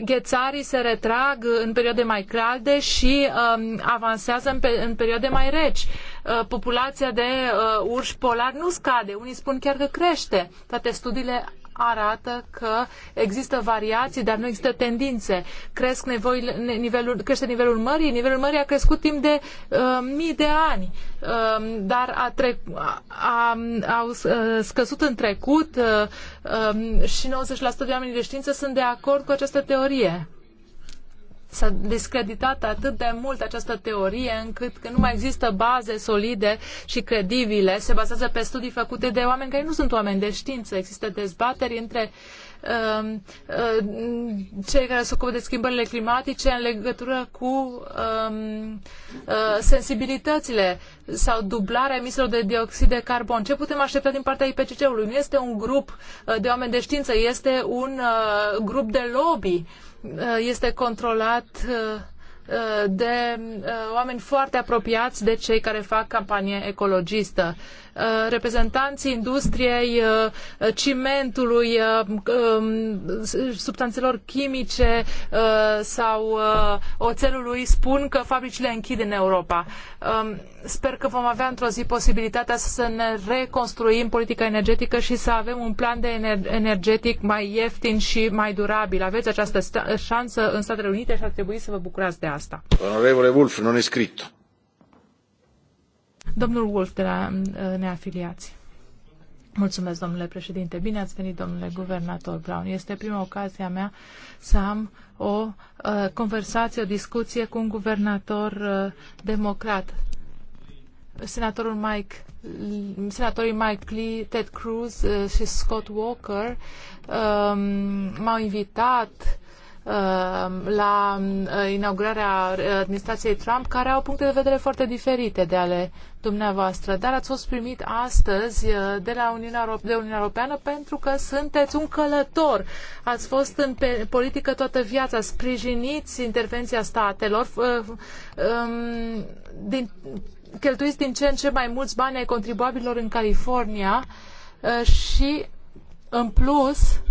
ghețarii se retrag în perioade mai calde și um, avansează în, pe, în perioade mai reci. Uh, populația de uh, urși polari nu scade, unii spun chiar că crește. Toate studiile arată că există variații, dar nu există tendințe. Cresc nevoile, nivelul, crește nivelul mării, nivelul mării a crescut timp de uh, mii de ani, uh, dar a, tre- a, a, au uh, scăzut în trecut uh, uh, și 90% de oamenii de știință sunt de acord cu această teorie. S-a discreditat atât de mult această teorie încât că nu mai există baze solide și credibile. Se bazează pe studii făcute de oameni care nu sunt oameni de știință. Există dezbateri între uh, Um, uh, cei care se ocupă de schimbările climatice în legătură cu um, uh, sensibilitățile sau dublarea emisiilor de dioxid de carbon. Ce putem aștepta din partea IPCC-ului? Nu este un grup uh, de oameni de știință, este un grup de lobby. Este controlat Uh, de uh, oameni foarte apropiați de cei care fac campanie ecologistă. Uh, reprezentanții industriei cimentului, um, substanțelor chimice sau oțelului spun că fabricile închid în Europa. Um, sper că vom avea într-o zi posibilitatea să ne reconstruim politica energetică și să avem un plan de energetic mai ieftin și mai durabil. Aveți această șansă în Statele Unite și ar trebui să vă bucurați de asta. Onorevole Wolf, non iscritto. Domnul Wolf de la uh, Neafiliați. Mulțumesc, domnule președinte. Bine ați venit, domnule guvernator Brown. Este prima ocazie a mea să am o uh, conversație, o discuție cu un guvernator uh, democrat senatorul Mike, senatorii Mike Lee, Ted Cruz uh, și Scott Walker um, m-au invitat um, la uh, inaugurarea uh, administrației Trump, care au puncte de vedere foarte diferite de ale dumneavoastră, dar ați fost primit astăzi de la Uniunea, Europe- de Uniunea Europeană pentru că sunteți un călător. Ați fost în politică toată viața, sprijiniți intervenția statelor um, din cheltuiți din ce în ce mai mulți bani ai contribuabililor în California uh, și, în plus, 30%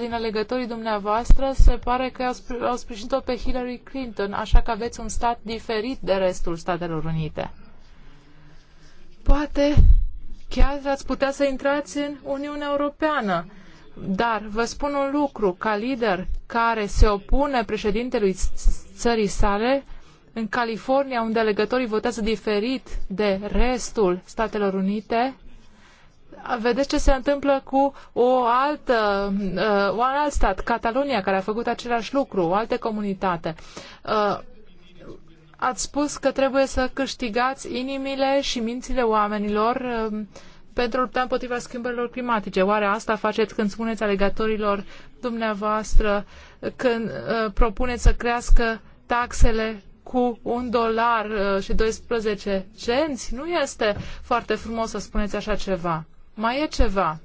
din alegătorii dumneavoastră se pare că au, au sprijinit-o pe Hillary Clinton, așa că aveți un stat diferit de restul Statelor Unite. Poate chiar ați putea să intrați în Uniunea Europeană. Dar vă spun un lucru, ca lider care se opune președintelui țării sale, în California, unde alegătorii votează diferit de restul Statelor Unite, vedeți ce se întâmplă cu o altă, uh, un alt stat, Catalonia, care a făcut același lucru, o altă comunitate. Uh, ați spus că trebuie să câștigați inimile și mințile oamenilor uh, pentru a lupta împotriva schimbărilor climatice. Oare asta faceți când spuneți alegătorilor dumneavoastră, când uh, propuneți să crească taxele cu un dolar uh, și 12 cenți, nu este foarte frumos să spuneți așa ceva. Mai e ceva.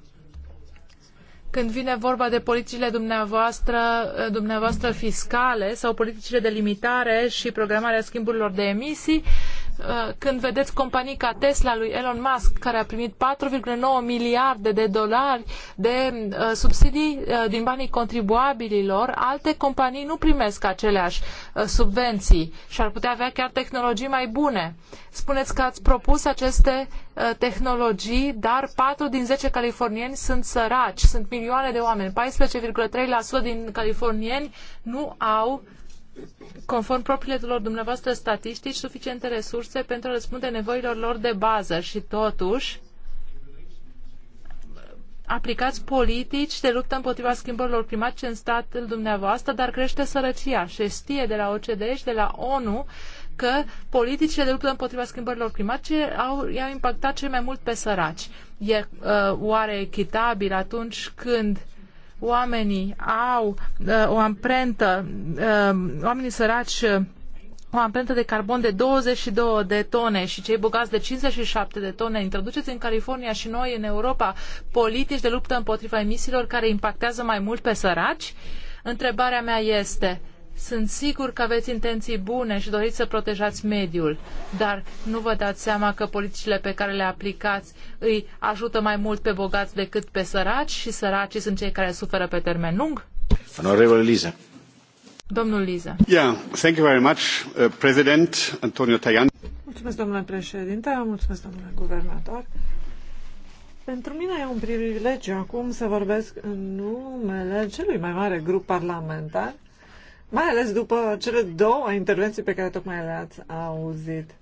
Când vine vorba de politicile dumneavoastră, uh, dumneavoastră fiscale sau politicile de limitare și programarea schimburilor de emisii, uh, Uh, când vedeți companii ca Tesla lui Elon Musk, care a primit 4,9 miliarde de dolari de uh, subsidii uh, din banii contribuabililor, alte companii nu primesc aceleași subvenții și ar putea avea chiar tehnologii mai bune. Spuneți că ați propus aceste tehnologii, dar patru din zece californieni sunt săraci, sunt milioane de oameni. 14,3% din californieni nu au conform propriilor dumneavoastră statistici, suficiente resurse pentru a răspunde nevoilor lor de bază și totuși aplicați politici de luptă împotriva schimbărilor climatice în statul dumneavoastră, dar crește sărăcia. Și știe de la OCDE și de la ONU că politicile de luptă împotriva schimbărilor climatice au, i-au impactat cel mai mult pe săraci. E uh, oare echitabil atunci când uh, oamenii au uh, o amprentă, uh, oamenii săraci uh, o amprentă de carbon de 22 de tone și cei bogați de 57 de tone. Introduceți în California și noi în Europa politici de luptă împotriva emisiilor care impactează mai mult pe săraci? Întrebarea mea este, uh, sunt sigur că aveți intenții bune și doriți să protejați mediul, dar nu vă dați seama că politicile pe care le aplicați îi ajută mai mult pe bogați decât pe săraci și săracii sunt cei care suferă pe termen lung? Onorevole Liza. Domnul Liza. Yeah, thank you very much, uh, President Antonio Tajani. Mulțumesc, domnule președinte, mulțumesc, domnule guvernator. Pentru mine e un privilegiu acum să vorbesc în numele celui mai mare grup parlamentar mai ales după cele două intervenții pe care tocmai le-ați auzit.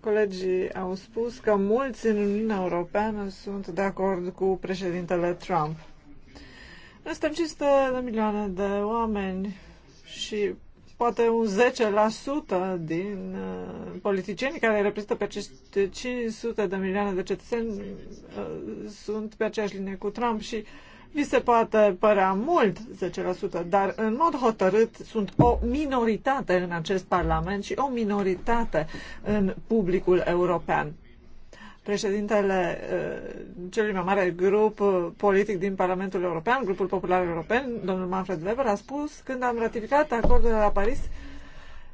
Colegii au spus că mulți în Uniunea Europeană sunt de acord cu președintele Trump. Noi suntem 500 de milioane de oameni și poate un 10% din uh, politicienii care reprezintă pe aceste 500 de milioane de cetățeni uh, sunt pe aceeași linie cu Trump și uh, vi se poate părea mult 10%, dar în mod hotărât sunt o minoritate în acest Parlament și o minoritate în publicul european. Președintele eh, celui mai mare grup eh, politic din Parlamentul European, Grupul Popular European, domnul Manfred Weber, a spus când am ratificat acordul de la Paris,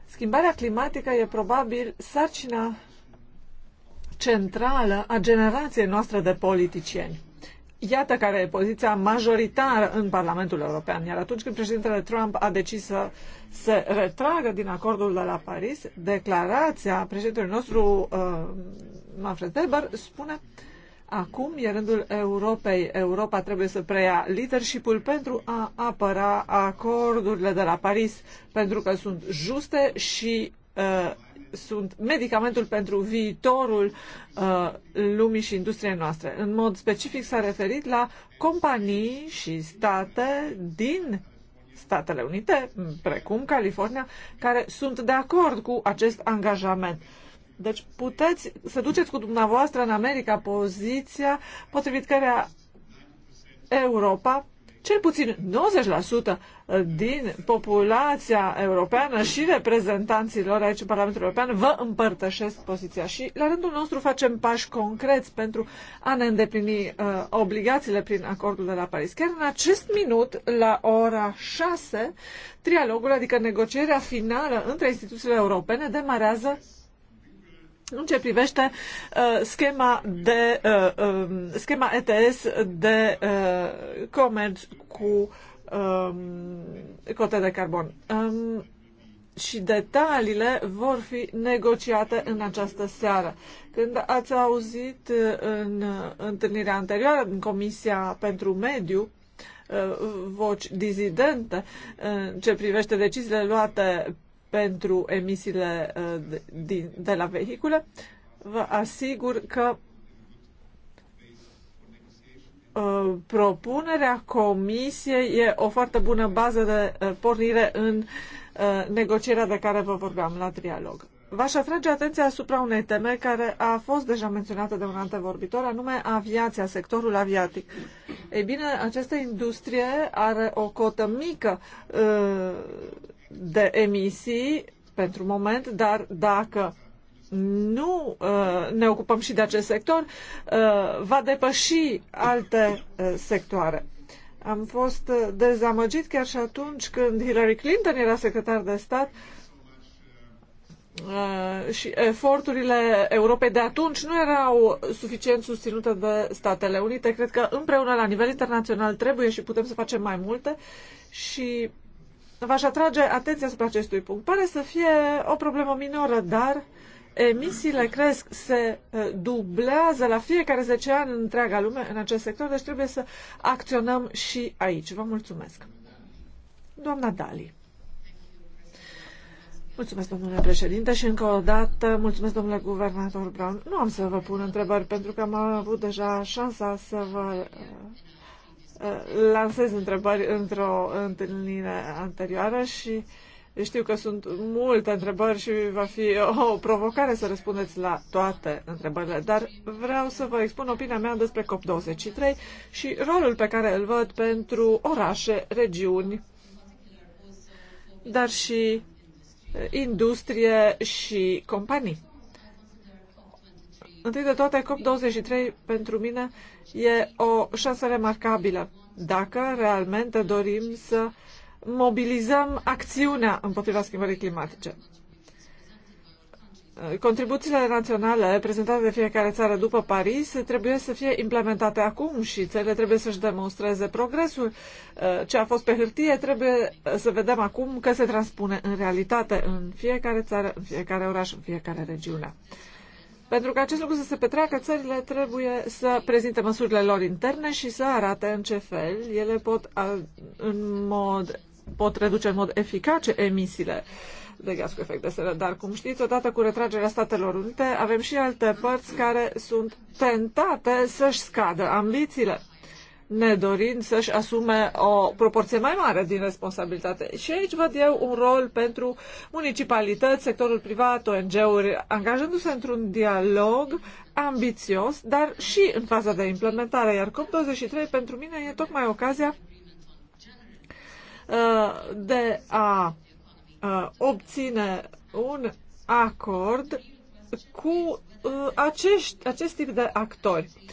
schimbarea climatică e probabil sarcina centrală a generației noastre de politicieni Iată care e poziția majoritară în Parlamentul European. Iar atunci când președintele Trump a decis să se retragă din acordul de la Paris, declarația președintelui nostru, uh, Manfred Weber, spune Acum e rândul Europei. Europa trebuie să preia leadership pentru a apăra acordurile de la Paris, pentru că sunt juste și uh, sunt medicamentul pentru viitorul uh, lumii și industriei noastre. În mod specific s-a referit la companii și state din Statele Unite, precum California, care sunt de acord cu acest angajament. Deci puteți să duceți cu dumneavoastră în America poziția potrivit care Europa cel puțin 90% din populația europeană și reprezentanților aici în Parlamentul European vă împărtășesc poziția și la rândul nostru facem pași concreți pentru a ne îndeplini uh, obligațiile prin acordul de la Paris. Chiar în acest minut, la ora 6, trialogul, adică negocierea finală între instituțiile europene, demarează în ce privește uh, schema, de, uh, um, schema ETS de uh, comerț cu um, cote de carbon. Um, și detaliile vor fi negociate în această seară. Când ați auzit uh, în uh, întâlnirea anterioară din Comisia pentru Mediu, uh, voci dizidente în ce privește deciziile luate pentru emisiile uh, din, de la vehicule, vă asigur că uh, propunerea comisiei e o foarte bună bază de uh, pornire în negocierea de care vă vorbeam la trialog. V-aș atrage atenția asupra unei teme care a fost deja menționată de un antevorbitor, anume aviația, sectorul aviatic. Ei bine, această industrie are o cotă mică de emisii pentru moment, dar dacă nu uh, ne ocupăm și de acest sector, uh, va depăși alte uh, sectoare. Am fost uh, dezamăgit chiar și atunci când Hillary Clinton era secretar de stat uh, și eforturile Europei de atunci nu erau suficient susținute de Statele Unite. Cred că împreună la nivel internațional trebuie și putem să facem mai multe și v-aș atrage atenția asupra acestui punct. Pare să fie o problemă minoră, dar emisiile cresc, se eh, dublează la fiecare 10 ani în întreaga lume în acest sector, deci trebuie să acționăm și aici. Vă mulțumesc. Doamna Dali. Mulțumesc, domnule președinte, și încă o dată mulțumesc, domnule guvernator Brown. Nu am să vă pun întrebări, pentru că am avut deja șansa să vă lansez întrebări într-o întâlnire anterioară și știu că sunt multe întrebări și va fi o provocare să răspundeți la toate întrebările, dar vreau să vă expun opinia mea despre COP23 și rolul pe care îl văd pentru orașe, regiuni, dar și industrie și companii. Întâi de toate, COP23 pentru mine e o șansă remarcabilă dacă realmente dorim să mobilizăm acțiunea împotriva schimbării climatice. Contribuțiile naționale prezentate de fiecare țară după Paris trebuie să fie implementate acum și țările trebuie să-și demonstreze progresul. Uh, ce a fost pe hârtie trebuie să vedem acum că se transpune în realitate în fiecare țară, în fiecare oraș, în fiecare regiune. Pentru că acest lucru să se petreacă, țările trebuie să prezinte măsurile lor interne și să arate în ce fel ele pot, în mod, pot reduce în mod eficace emisiile de gaz cu efect de seră. Dar, cum știți, odată cu retragerea Statelor Unite, avem și alte părți care sunt tentate să-și scadă ambițiile nedorind să-și asume o proporție mai mare din responsabilitate. Și aici văd eu un rol pentru municipalități, sectorul privat, ONG-uri, angajându-se într-un dialog ambițios, dar și în faza de implementare. Iar COP23 pentru mine e tocmai ocazia uh, de a uh, obține un acord cu uh, acești, acest tip de actori. Uh,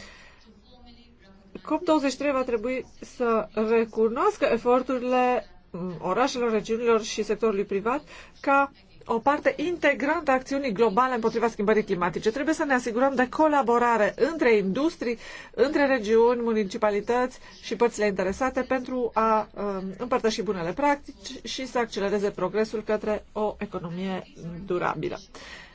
COP23 va trebui să recunoască eforturile mm, orașelor, regiunilor și sectorului privat ca o parte integrantă a acțiunii globale împotriva schimbării climatice. Trebuie să ne asigurăm de colaborare între industrii, între regiuni, municipalități și părțile interesate pentru a um, împărtăși bunele practici și să accelereze progresul către o economie durabilă.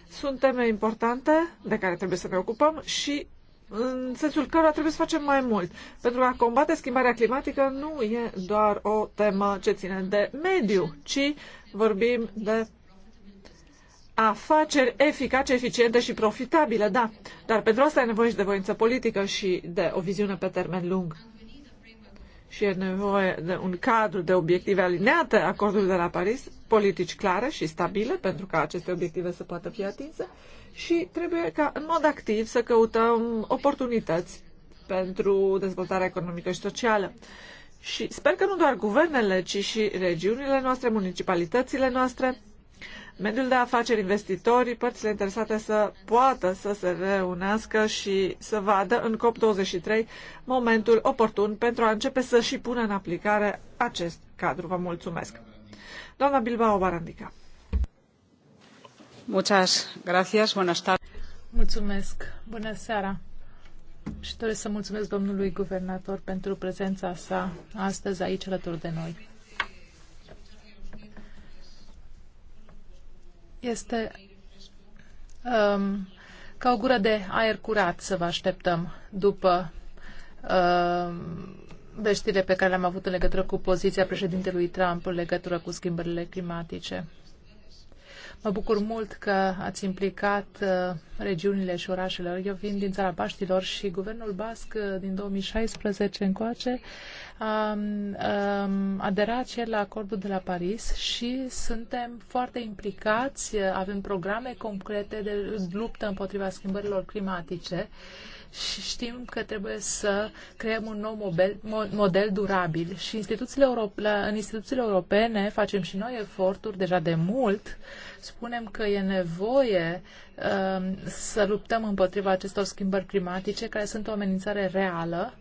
Sunt teme importante de care trebuie să ne ocupăm și în sensul că trebuie să facem mai mult. Pentru a combate schimbarea climatică nu e doar o temă ce ține de mediu, ci vorbim de afaceri eficace, eficiente și profitabile, da. Dar pentru asta e nevoie și de voință politică și de o viziune pe termen lung. Și e nevoie de un cadru de obiective alineate acordului de la Paris, politici clare și stabile pentru ca aceste obiective să poată fi atinse și trebuie ca în mod activ să căutăm oportunități pentru dezvoltarea economică și socială. Și sper că nu doar guvernele, ci și regiunile noastre, municipalitățile noastre, mediul de afaceri, investitorii, părțile interesate să poată să se reunească și să vadă în COP23 momentul oportun pentru a începe să și pună în aplicare acest cadru. Vă mulțumesc! Doamna Bilbao Barandica. Bună seara. Și doresc să mulțumesc domnului guvernator pentru prezența sa astăzi aici alături de noi. Este um, ca o gură de aer curat să vă așteptăm după um, veștile pe care le-am avut în legătură cu poziția președintelui Trump în legătură cu schimbările climatice. Mă bucur mult că ați implicat uh, regiunile și orașele. Eu vin din țara Paștilor și guvernul basc uh, din 2016 încoace a, a aderat și la acordul de la Paris și suntem foarte implicați, uh, avem programe concrete de luptă împotriva schimbărilor climatice și știm că trebuie să creăm un nou model, model durabil. Și instituțiile europene, în instituțiile europene facem și noi eforturi deja de mult uh, spunem că e nevoie um, să luptăm împotriva acestor schimbări climatice, care sunt o amenințare reală,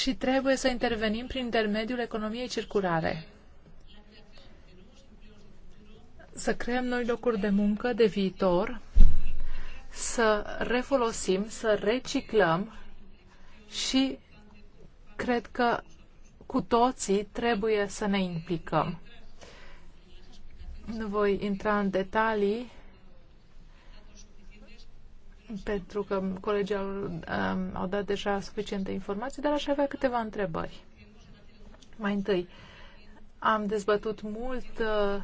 și trebuie să intervenim prin intermediul economiei circulare. Să creăm noi locuri de muncă de viitor, să refolosim, să reciclăm și cred că cu toții trebuie să ne implicăm. Nu voi intra în detalii pentru că colegii au, um, au dat deja suficiente informații, dar aș avea câteva întrebări. Mai întâi, am dezbătut mult uh,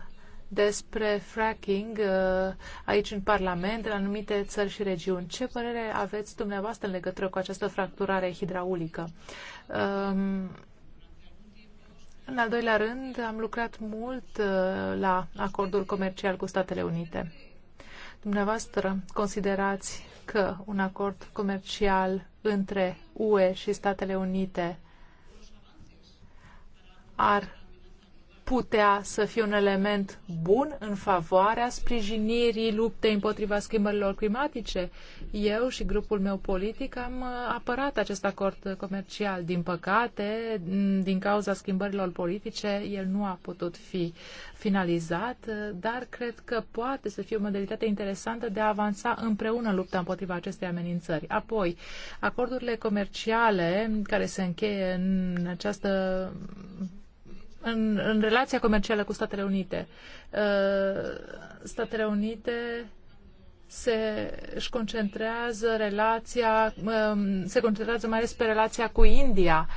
despre fracking uh, aici în Parlament, în anumite țări și regiuni. Ce părere aveți dumneavoastră în legătură cu această fracturare hidraulică? Um, în al doilea rând, am lucrat mult uh, la acordul comercial cu Statele Unite. Dumneavoastră considerați că un acord comercial între UE și Statele Unite ar putea să fie un element bun în favoarea sprijinirii luptei împotriva schimbărilor climatice. Eu și grupul meu politic am uh, apărat acest acord comercial. Din păcate, din cauza schimbărilor politice, el nu a putut fi finalizat, uh, dar cred că poate să fie o modalitate interesantă de a avansa împreună în lupta împotriva acestei amenințări. Apoi, acordurile comerciale care se încheie în această în, în relația comercială cu Statele Unite. Uh, Statele Unite se își concentrează relația, um, se concentrează mai ales pe relația cu India.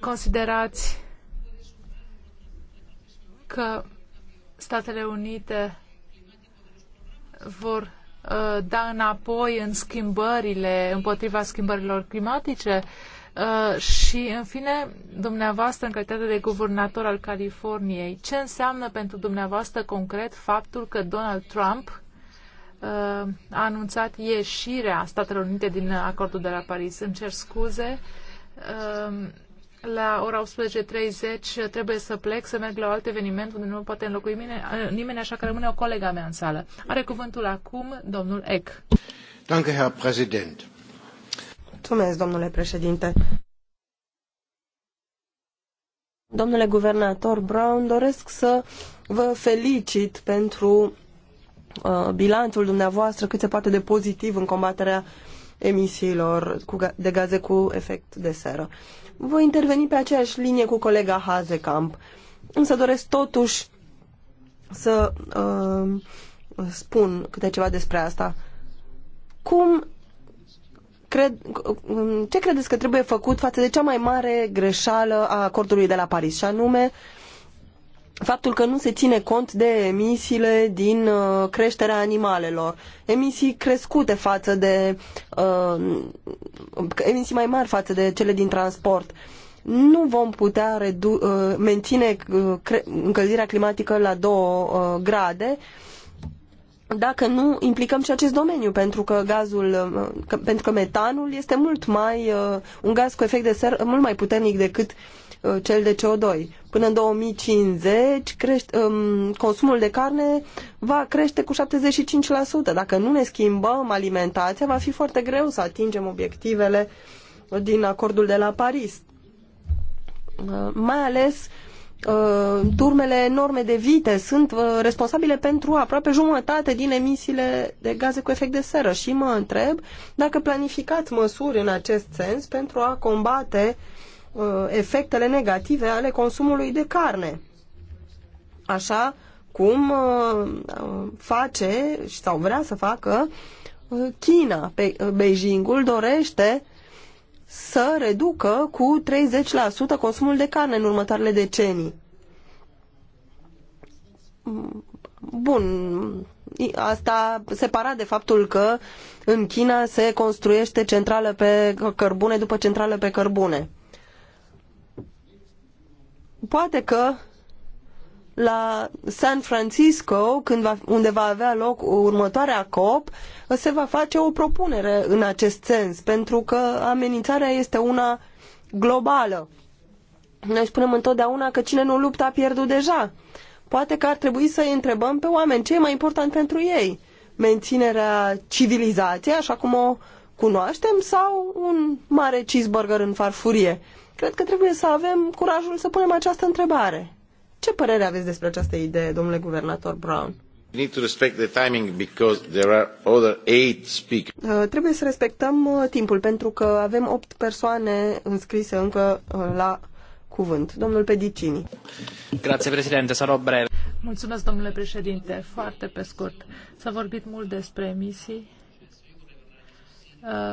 Considerați că Statele Unite vor uh, da înapoi în schimbările, împotriva schimbărilor climatice? Uh, Uh, și, în fine, dumneavoastră, în calitate de guvernator al Californiei, ce înseamnă pentru dumneavoastră concret faptul că Donald Trump uh, a anunțat ieșirea Statelor Unite din acordul de la Paris? Îmi cer scuze. Uh, la ora 18.30 trebuie să plec, să merg la alt eveniment unde nu poate înlocui mine, uh, nimeni, așa că rămâne o colega mea în sală. Are cuvântul acum domnul Eck. Danke, Herr Präsident. Mulțumesc, domnule președinte. Domnule guvernator Brown, doresc să vă felicit pentru uh, bilanțul dumneavoastră cât se poate de pozitiv în combaterea emisiilor cu, de gaze cu efect de seră. Voi interveni pe aceeași linie cu colega Hazekamp, însă doresc totuși să uh, spun câte ceva despre asta. Cum cred, ce credeți că trebuie făcut față de cea mai mare greșeală a acordului de la Paris, și anume faptul că nu se ține cont de emisiile din uh, creșterea animalelor. Emisii crescute față de uh, emisii mai mari față de cele din transport. Nu vom putea redu- uh, menține încălzirea climatică la 2 grade uh, dacă nu implicăm și acest domeniu, pentru că gazul, că, pentru că metanul este mult mai, uh, un gaz cu efect de seră mult mai puternic decât uh, cel de CO2. Până în 2050, crește, um, consumul de carne va crește cu 75%. Dacă nu ne schimbăm alimentația, va fi foarte greu să atingem obiectivele din acordul de la Paris. Uh, mai ales uh, Uh, turmele enorme de vite sunt uh, responsabile pentru aproape jumătate din emisiile de gaze cu efect de seră și mă întreb dacă planificați măsuri în acest sens pentru a combate uh, efectele negative ale consumului de carne. Așa cum face sau vrea să facă China. Beijingul dorește să reducă cu 30% consumul de carne în următoarele decenii. Bun, asta separat de faptul că în China se construiește centrală pe cărbune după centrală pe cărbune. Poate că la San Francisco, când va, unde va avea loc următoarea COP, se va face o propunere în acest sens, pentru că amenințarea este una globală. Noi spunem întotdeauna că cine nu luptă a pierdut deja. Poate că ar trebui să îi întrebăm pe oameni ce e mai important pentru ei. Menținerea civilizației, așa cum o cunoaștem, sau un mare cheeseburger în farfurie. Cred că trebuie să avem curajul să punem această întrebare. Ce părere aveți despre această idee, domnule guvernator Brown? Uh, trebuie să respectăm uh, timpul pentru că avem opt persoane înscrise încă uh, la cuvânt. Domnul Pedicini. Grazie, președinte. rog brev. Mulțumesc, domnule președinte. Foarte pe scurt. S-a vorbit mult despre emisii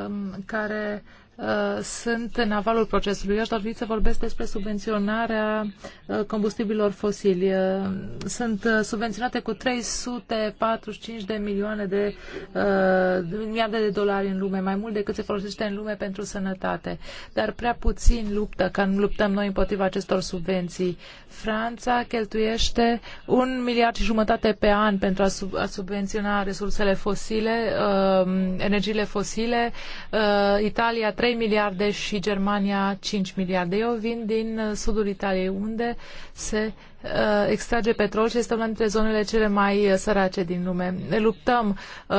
um, care Uh, sunt în avalul procesului. Eu aș dori să vorbesc despre subvenționarea uh, combustibilor fosili. Uh, sunt subvenționate cu 345 de milioane de uh, miliarde de dolari în lume, mai mult decât se folosește în lume pentru sănătate. Dar prea puțin luptă, când luptăm noi împotriva acestor subvenții. Franța cheltuiește un miliard și jumătate pe an pentru a, sub, a subvenționa resursele fosile, uh, energiile fosile, uh, Italia 3 3 miliarde și Germania 5 miliarde. Eu vin din uh, sudul Italiei, unde se uh, extrage petrol și este una dintre zonele cele mai uh, sărace din lume. Ne luptăm uh,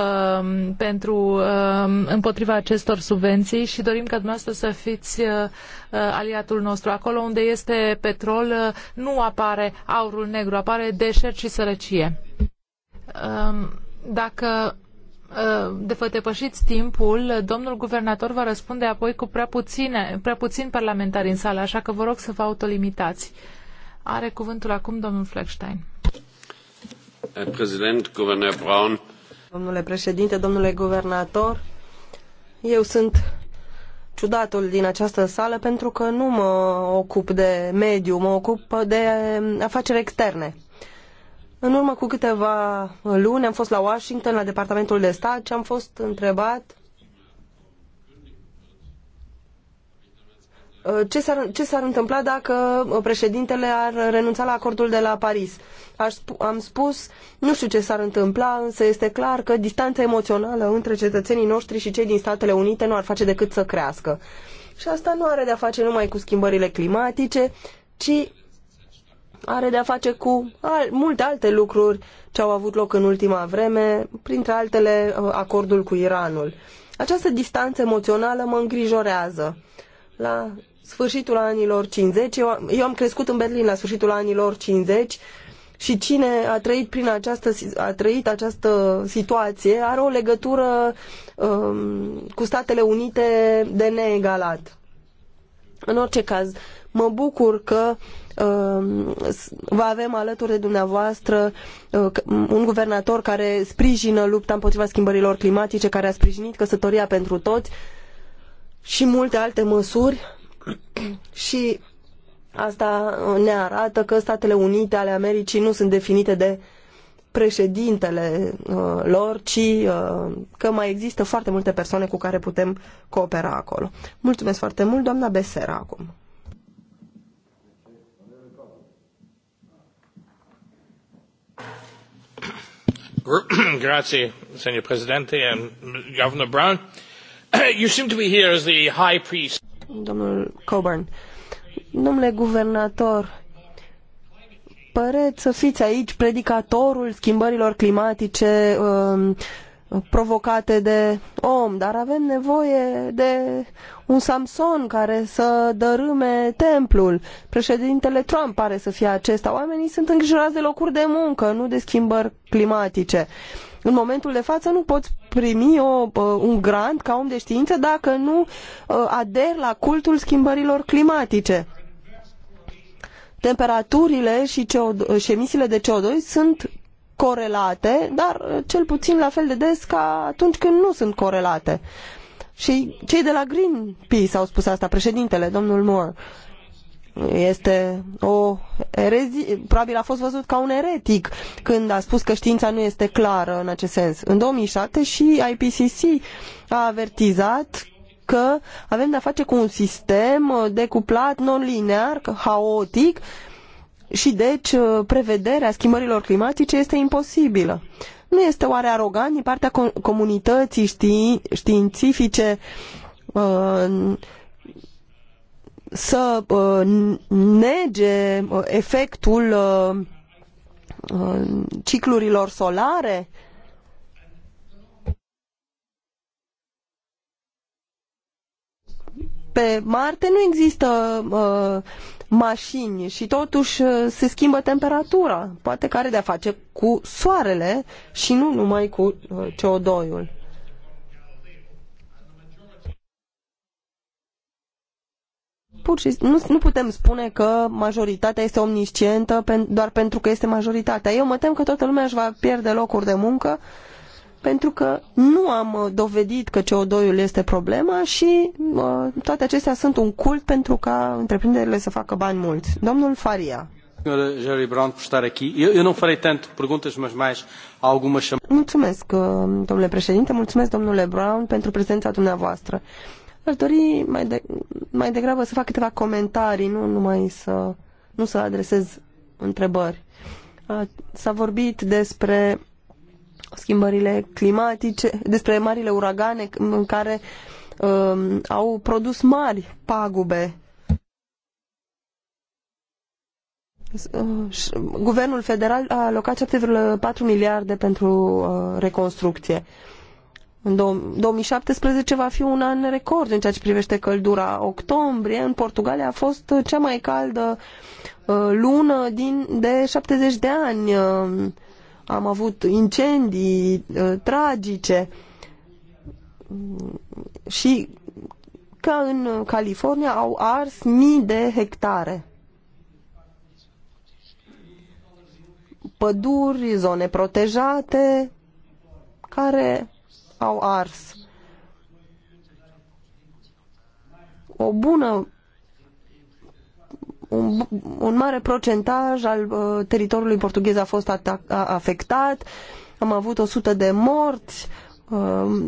pentru, uh, împotriva acestor subvenții și dorim ca dumneavoastră să fiți uh, uh, aliatul nostru. Acolo unde este petrol uh, nu apare aurul negru, apare deșert și sărăcie. Uh, dacă de uh, vă depășiți timpul, domnul guvernator va răspunde apoi cu prea, puține, prea puțin parlamentari în sală, așa că vă rog să vă autolimitați. Are cuvântul acum domnul Fleckstein. President, Brown. Domnule președinte, domnule guvernator, eu sunt ciudatul din această sală pentru că nu mă ocup de mediu, mă ocup de afaceri externe. În urmă cu câteva luni am fost la Washington, la Departamentul de Stat și am fost întrebat uh, ce s-ar, întâmpla dacă uh, președintele ar renunța la acordul de la Paris. Aș, am spus, nu știu ce s-ar întâmpla, însă este clar că distanța emoțională între cetățenii noștri și cei din Statele Unite nu ar face decât să crească. Și asta nu are de-a face numai cu schimbările climatice, ci are de-a face cu al, multe alte lucruri ce au avut loc în ultima vreme, printre altele uh, acordul cu Iranul. Această distanță emoțională mă îngrijorează. La sfârșitul anilor 50, eu, eu am crescut în Berlin la sfârșitul anilor 50 și cine a trăit, prin această, a trăit această situație are o legătură um, cu Statele Unite de neegalat. În orice caz, mă bucur că Um, vă avem alături de dumneavoastră uh, un guvernator care sprijină lupta împotriva schimbărilor climatice, care a sprijinit căsătoria pentru toți și multe alte măsuri *clears throat* și asta ne arată că Statele Unite ale Americii nu sunt definite de președintele uh, lor, ci uh, că mai există foarte multe persoane cu care putem coopera acolo. Mulțumesc foarte mult, doamna Besera, acum. *clears throat* Grazie, Senor eh, Governor Brown. *clears throat* you seem to be here as the high priest. Domnul Coburn, domnule guvernator, păreți să fiți aici predicatorul schimbărilor climatice, um, provocate de om, dar avem nevoie de un Samson care să dărâme templul. Președintele Trump pare să fie acesta. Oamenii sunt îngrijorați de locuri de muncă, nu de schimbări climatice. În momentul de față nu poți primi o, un grant ca om de știință dacă nu aderi la cultul schimbărilor climatice temperaturile și, CO2, și emisiile de CO2 sunt corelate, dar uh, cel puțin la fel de des ca atunci când nu sunt corelate. Și cei de la Greenpeace au spus asta, președintele, domnul Moore. Este o erezie, probabil a fost văzut ca un eretic când a spus că știința nu este clară în acest sens. În 2007 și IPCC a avertizat că avem de-a face cu un sistem uh, decuplat, non-linear, haotic, și deci uh, prevederea schimbărilor climatice este imposibilă. Nu este oare arogant din partea comunității științifice uh, să uh, nege efectul ciclurilor solare? pe Marte nu există uh, mașini și totuși uh, se schimbă temperatura. Poate care de-a face cu soarele și nu numai cu uh, CO2-ul. Pur și nu, nu putem spune că majoritatea este omniscientă doar pentru că este majoritatea. Eu mă tem că toată lumea își va pierde locuri de muncă uh, pentru că nu am uh, dovedit că CO2-ul este problema și uh, toate acestea sunt un cult pentru ca întreprinderile să facă bani mulți. Domnul Faria. Senhora Jerry Brown, por estar aqui. Eu, eu não farei tanto perguntas, mas mais algumas chamadas. Mulțumesc, uh, domnule președinte, mulțumesc, domnule Brown, pentru prezența dumneavoastră. Aș dori mai, de, mai degrabă să fac câteva comentarii, nu numai să, nu să adresez întrebări. Uh, s-a vorbit despre schimbările climatice, despre marile uragane în care um, au produs mari pagube. Uh, guvernul federal a alocat 7,4 miliarde pentru uh, reconstrucție. În 2017 va fi un an record în ceea ce privește căldura. Octombrie în Portugalia a fost cea mai caldă uh, lună din, de 70 de ani. Uh, am avut incendii uh, tragice și că în California au ars mii de hectare. Păduri, zone protejate care au ars. O bună un, un mare procentaj al uh, teritoriului portughez a fost atac, a, afectat, am avut 100 de morți, uh,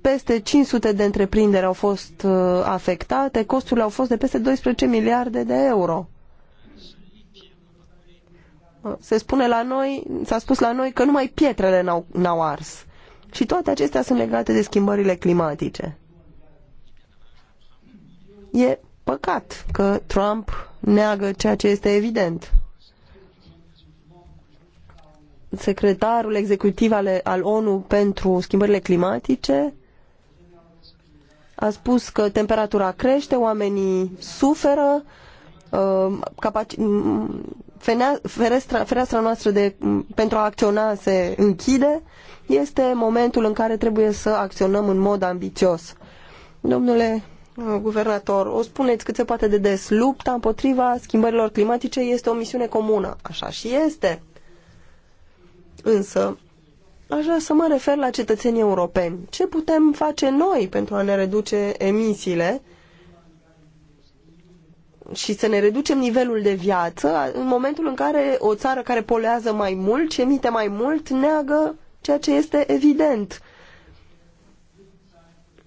peste 500 de întreprinderi au fost uh, afectate, costurile au fost de peste 12 miliarde de euro. Uh, se spune la noi, s-a spus la noi că numai pietrele n-au, n-au ars. Și toate acestea sunt legate de schimbările climatice. E Păcat că Trump neagă ceea ce este evident. Secretarul executiv ale, al ONU pentru schimbările climatice a spus că temperatura crește, oamenii suferă, uh, fereastra, fereastra noastră de, pentru a acționa se închide, este momentul în care trebuie să acționăm în mod ambițios. Domnule Uh, guvernator, o spuneți cât se poate de des, lupta împotriva schimbărilor climatice este o misiune comună. Așa și este. Însă, aș vrea să mă refer la cetățenii europeni. Ce putem face noi pentru a ne reduce emisiile și să ne reducem nivelul de viață în momentul în care o țară care polează mai mult și emite mai mult neagă ceea ce este evident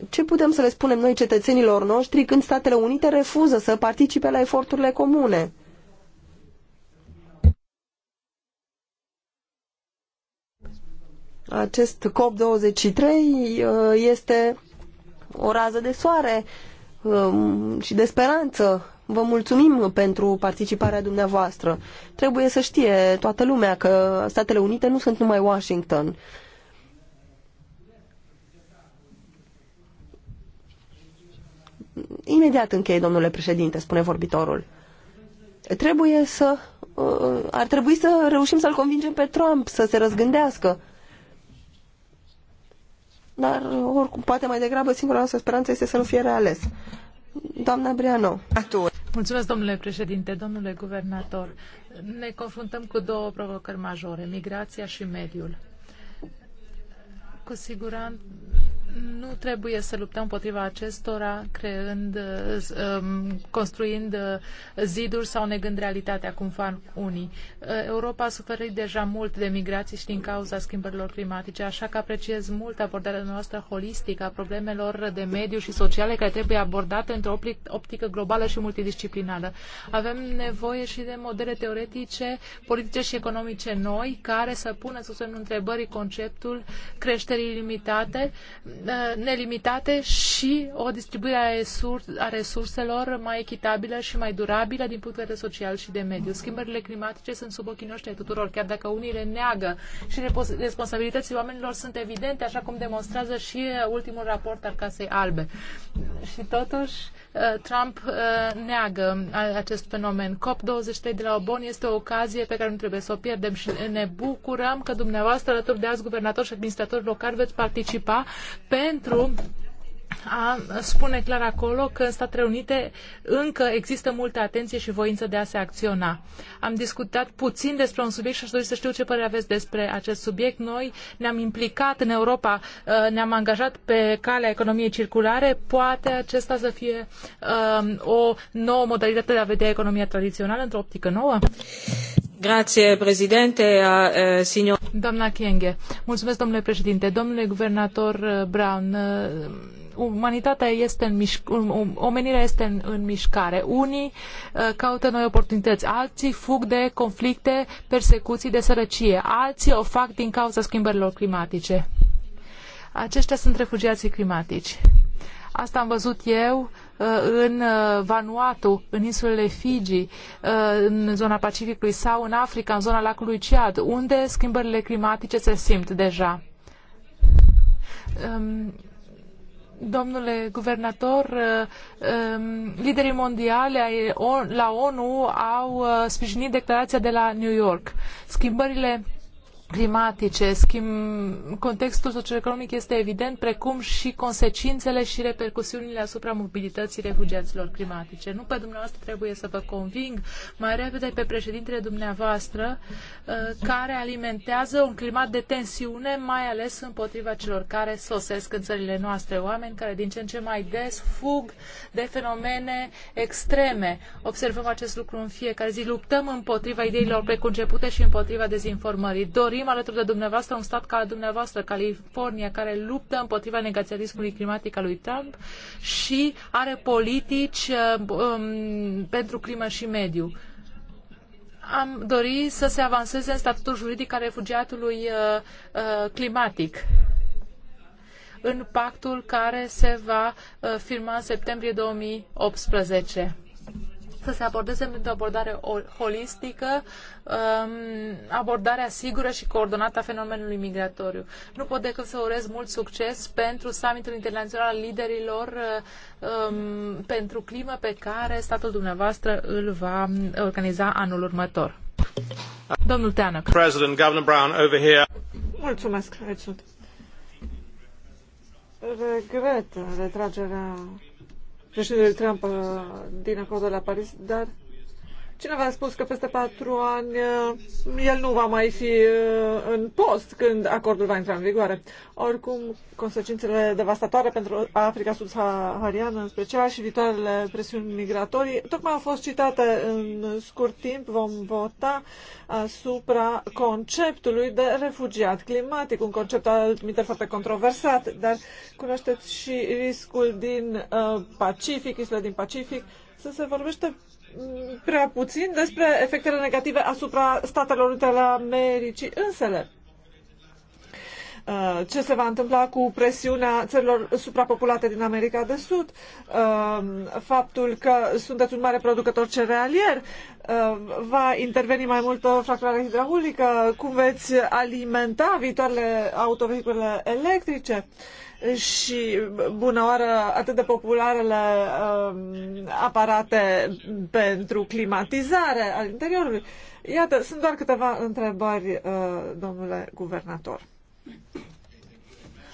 ce putem să le spunem noi cetățenilor noștri când Statele Unite refuză să participe la eforturile comune? Acest COP23 uh, este o rază de soare um, și de speranță. Vă mulțumim pentru participarea dumneavoastră. Trebuie să știe toată lumea că Statele Unite nu sunt numai Washington. Imediat încheie, domnule președinte, spune vorbitorul. Trebuie să... Uh, ar trebui să reușim să-l convingem pe Trump să se răzgândească. Dar, uh, oricum, poate mai degrabă, singura noastră speranță este să nu fie reales. Doamna Briano. Mulțumesc, domnule președinte, domnule guvernator. Ne confruntăm cu două provocări majore, migrația și mediul. Cu siguranță nu trebuie să luptăm împotriva acestora creând, um, construind uh, ziduri sau negând realitatea, cum fac unii. Uh, Europa a suferit deja mult de migrații și din cauza schimbărilor climatice, așa că apreciez mult abordarea noastră holistică a problemelor de mediu și sociale care trebuie abordate într-o optică globală și multidisciplinară. Avem nevoie și de modele teoretice, politice și economice noi care să pună sub semnul întrebării conceptul creșterii limitate Eh, nelimitate și o distribuire a resurselor mai echitabilă și mai durabilă din punct de vedere social și de mediu. Schimbările climatice sunt sub ochii noștri tuturor, chiar dacă unii le neagă și responsabilitățile oamenilor sunt evidente, așa cum demonstrează și eh, ultimul raport al Casei Albe. Și totuși, eh, Trump neagă acest fenomen. COP23 de la Obon este o ocazie pe care nu trebuie să o pierdem și ne bucurăm că dumneavoastră, alături de alți guvernatori și administratori locali, veți participa pentru a spune clar acolo că în Statele Unite încă există multă atenție și voință de a se acționa. Am discutat puțin despre un subiect și aș dori să știu ce părere aveți despre acest subiect. Noi ne-am implicat în Europa, uh, ne-am angajat pe calea economiei circulare. Poate acesta să fie um, o nouă modalitate de a vedea economia tradițională într-o optică nouă? Grazie, președinte, eh, mulțumesc, domnule președinte. Domnule guvernator eh, Brown, eh, um, umanitatea este în um, um, omenirea este în, mișcare. Unii caută noi oportunități, alții fug de conflicte, persecuții, de sărăcie, alții o fac din cauza schimbărilor climatice. Aceștia sunt refugiații climatici. Asta am văzut eu Uh, în uh, Vanuatu, în insulele Fiji, uh, în zona Pacificului sau în Africa, în zona lacului Ciad, unde schimbările climatice se simt deja. Um, domnule guvernator, um, liderii mondiali la ONU au sprijinit declarația de la New York. Schimbările climatice, schimb, contextul socioeconomic este evident, precum și consecințele și repercusiunile asupra mobilității refugiaților climatice. Nu pe dumneavoastră trebuie să vă conving, mai repede pe președintele dumneavoastră, uh, care alimentează un climat de tensiune, mai ales împotriva celor care sosesc în țările noastre, oameni care din ce în ce mai des fug de fenomene extreme. Observăm acest lucru în fiecare zi. Luptăm împotriva ideilor preconcepute și împotriva dezinformării. Dorim construim alături de dumneavoastră un stat ca dumneavoastră, California, care luptă împotriva negaționismului climatic al lui Trump și are politici uh, um, pentru climă și mediu am dorit să se avanseze în statutul juridic al refugiatului uh, uh, climatic în pactul care se va uh, firma în septembrie 2018 să se abordeze într-o abordare holistică, um, abordarea sigură și coordonată a fenomenului migratoriu. Nu pot decât să urez mult succes pentru summitul internațional al liderilor um, pentru climă pe care statul dumneavoastră îl va organiza anul următor. Domnul Teanăc. President, Governor Brown, over here. Mulțumesc, Regret retragerea președintele Trump uh, din acordul la Paris, dar Cineva a spus că peste patru ani uh, el nu va mai fi uh, în post când acordul va intra în vigoare. Oricum, consecințele devastatoare pentru Africa subsahariană, în special și viitoarele presiuni migratorii, tocmai au fost citate în scurt timp. Vom vota asupra conceptului de refugiat climatic, un concept altminte foarte controversat, dar cunoașteți și riscul din uh, Pacific, isla din Pacific, să se vorbește prea puțin despre efectele negative asupra Statelor Unite ale Americii însele. Uh, ce se va întâmpla cu presiunea țărilor suprapopulate din America de Sud? Uh, faptul că sunteți un mare producător cerealier? Uh, va interveni mai mult o fracturare hidraulică? Cum veți alimenta viitoarele autovehicule electrice? și bună oară atât de popularele um, aparate pentru climatizare al interiorului. Iată, sunt doar câteva întrebări, uh, domnule guvernator.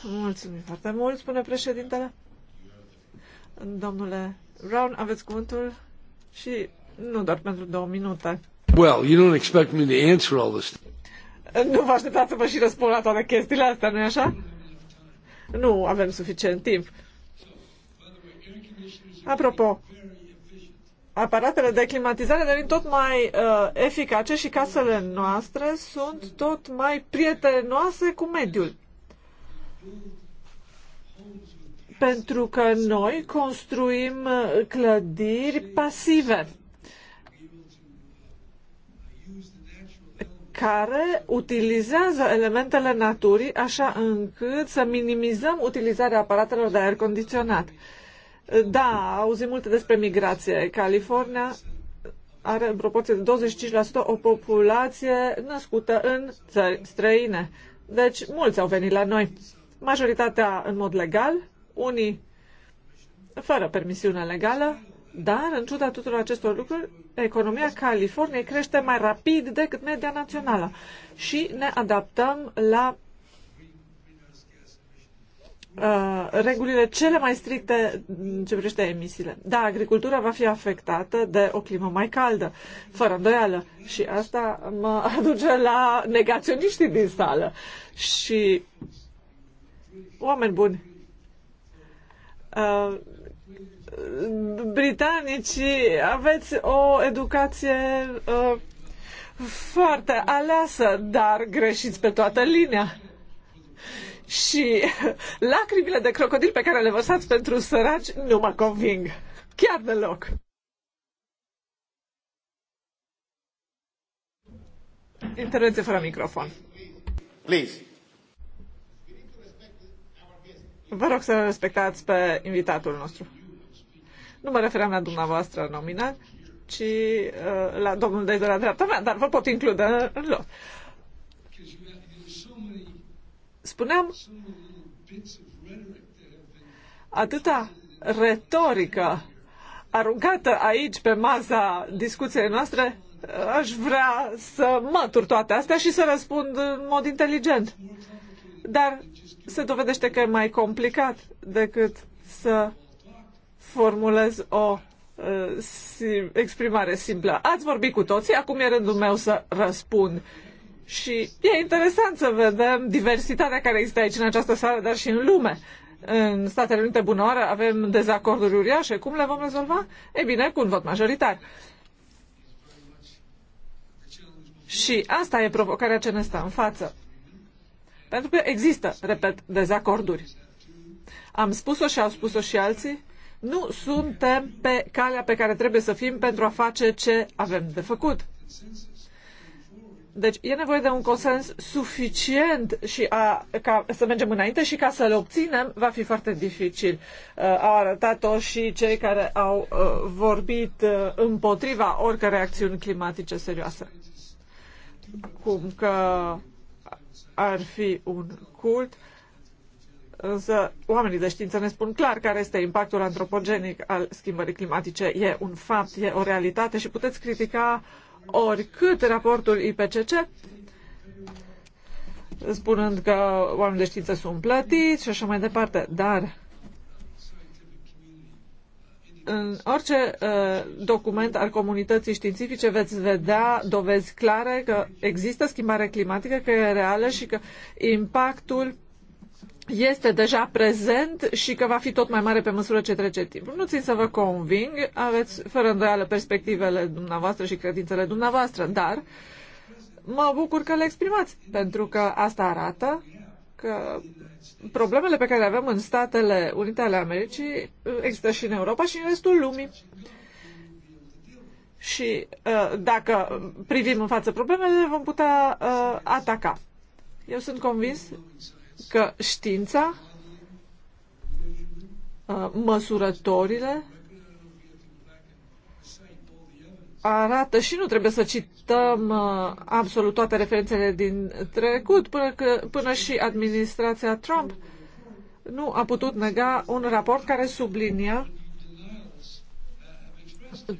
Mulțumim foarte mult, spune președintele. Domnule Brown, aveți cuvântul și nu doar pentru două minute. Well, you don't expect me to answer all this. Nu vă așteptați să vă și răspund la toate chestiile astea, nu-i așa? Nu avem suficient timp. Apropo, aparatele de climatizare devin tot mai uh, eficace și casele noastre sunt tot mai prietenoase cu mediul. Pentru că noi construim uh, clădiri pasive care utilizează elementele naturii așa încât să minimizăm utilizarea aparatelor de aer condiționat. Da, auzim multe despre migrație. California are în proporție de 25% o populație născută în țări străine. Deci mulți au venit la noi. Majoritatea în mod legal, unii fără permisiune legală, dar, în ciuda tuturor acestor lucruri, economia Californiei crește mai rapid decât media națională și ne adaptăm la Uh, regulile cele mai stricte ce privește emisiile. Da, agricultura va fi afectată de o climă mai caldă, fără îndoială. Și asta mă *laughs* aduce la negaționiștii din sală. Și oameni buni, uh, Britanici aveți o educație uh, foarte aleasă, dar greșiți pe toată linia. Și *laughs* lacrimile de crocodil pe care le văsați pentru săraci nu mă conving. Chiar deloc. Intervenție fără microfon. Please. Vă rog să respectați pe invitatul nostru. Nu mă refeream la dumneavoastră nominal, ci uh, la domnul de, la dreapta mea, dar vă pot include în, în lot. Spuneam atâta retorică aruncată aici pe maza discuției noastre, aș vrea să mătur toate astea și să răspund în mod inteligent. Dar se dovedește că e mai complicat decât să formulez o uh, exprimare simplă. Ați vorbit cu toții, acum e rândul meu să răspund. Și e interesant să vedem diversitatea care există aici în această sală, dar și în lume. În Statele Unite, bună oară, avem dezacorduri uriașe. Cum le vom rezolva? E bine, cu un vot majoritar. Și asta e provocarea ce ne stă în față. Pentru că există, repet, dezacorduri. Am spus-o și au spus-o și alții nu suntem pe calea pe care trebuie să fim pentru a face ce avem de făcut. Deci e nevoie de un consens suficient și a, ca să mergem înainte și ca să-l obținem va fi foarte dificil. Uh, au arătat-o și cei care au uh, vorbit uh, împotriva oricărei acțiuni climatice serioase. Cum că ar fi un cult. Uh, Însă oamenii de știință ne spun clar care este impactul antropogenic al schimbării climatice. E un fapt, e o realitate și puteți critica oricât raportul IPCC, spunând că oamenii de știință sunt plătiți și așa mai departe. Dar în orice uh, document al comunității științifice veți vedea dovezi clare că există schimbare climatică, că e reală și că impactul este deja prezent și că va fi tot mai mare pe măsură ce trece timpul. Nu țin să vă conving, aveți fără îndoială perspectivele dumneavoastră și credințele dumneavoastră, dar mă bucur că le exprimați, pentru că asta arată că problemele pe care le avem în Statele Unite ale Americii există și în Europa și în restul lumii. Și uh, dacă privim în față problemele, vom putea uh, ataca. Eu sunt convins că știința, măsurătorile, arată și nu trebuie să cităm absolut toate referențele din trecut, până, că, până și administrația Trump nu a putut nega un raport care sublinia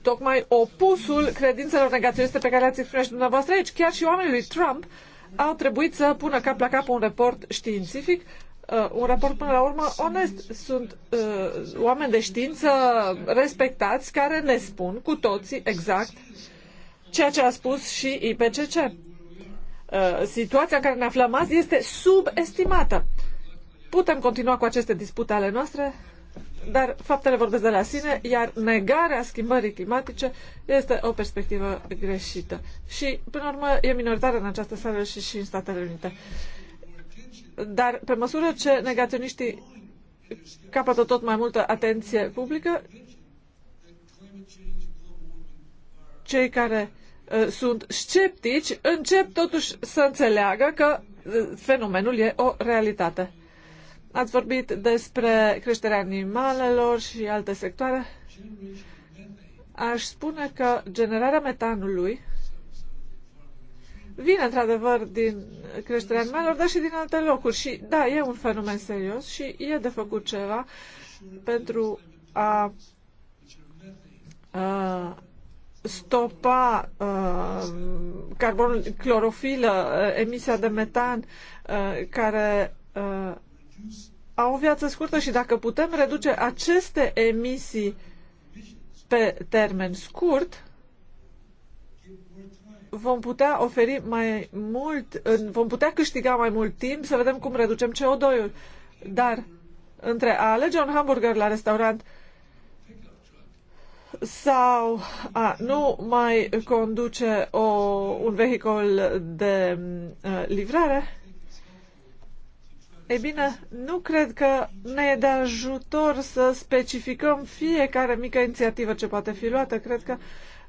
tocmai opusul credințelor negaționiste pe care le-ați exprimat dumneavoastră aici. Chiar și oamenii lui Trump uh, au trebuit să pună cap la cap un raport științific, uh, un raport până la urmă onest. Sunt uh, oameni de știință respectați care ne spun cu toții exact ceea ce a spus și IPCC. Uh, situația în care ne aflăm azi este subestimată. Putem continua cu aceste dispute ale noastre dar faptele vorbesc de la sine, iar negarea schimbării climatice este o perspectivă greșită. Și, până la urmă, e minoritară în această sală și, și în Statele Unite. Dar, pe măsură ce negaționiștii capătă tot mai multă atenție publică, cei care uh, sunt sceptici încep totuși să înțeleagă că uh, fenomenul e o realitate. Ați vorbit despre creșterea animalelor și alte sectoare. Aș spune că generarea metanului vine într-adevăr din creșterea animalelor, dar și din alte locuri. Și da, e un fenomen serios și e de făcut ceva pentru a, a stopa uh, carbonul, clorofilă, uh, emisia de metan uh, care uh, au o viață scurtă și dacă putem reduce aceste emisii pe termen scurt, vom putea oferi mai mult, vom putea câștiga mai mult timp să vedem cum reducem CO2-ul. Dar între a alege un hamburger la restaurant sau a nu mai conduce o, un vehicul de mm, uh, livrare, ei bine, nu cred că ne e de ajutor să specificăm fiecare mică inițiativă ce poate fi luată. Cred că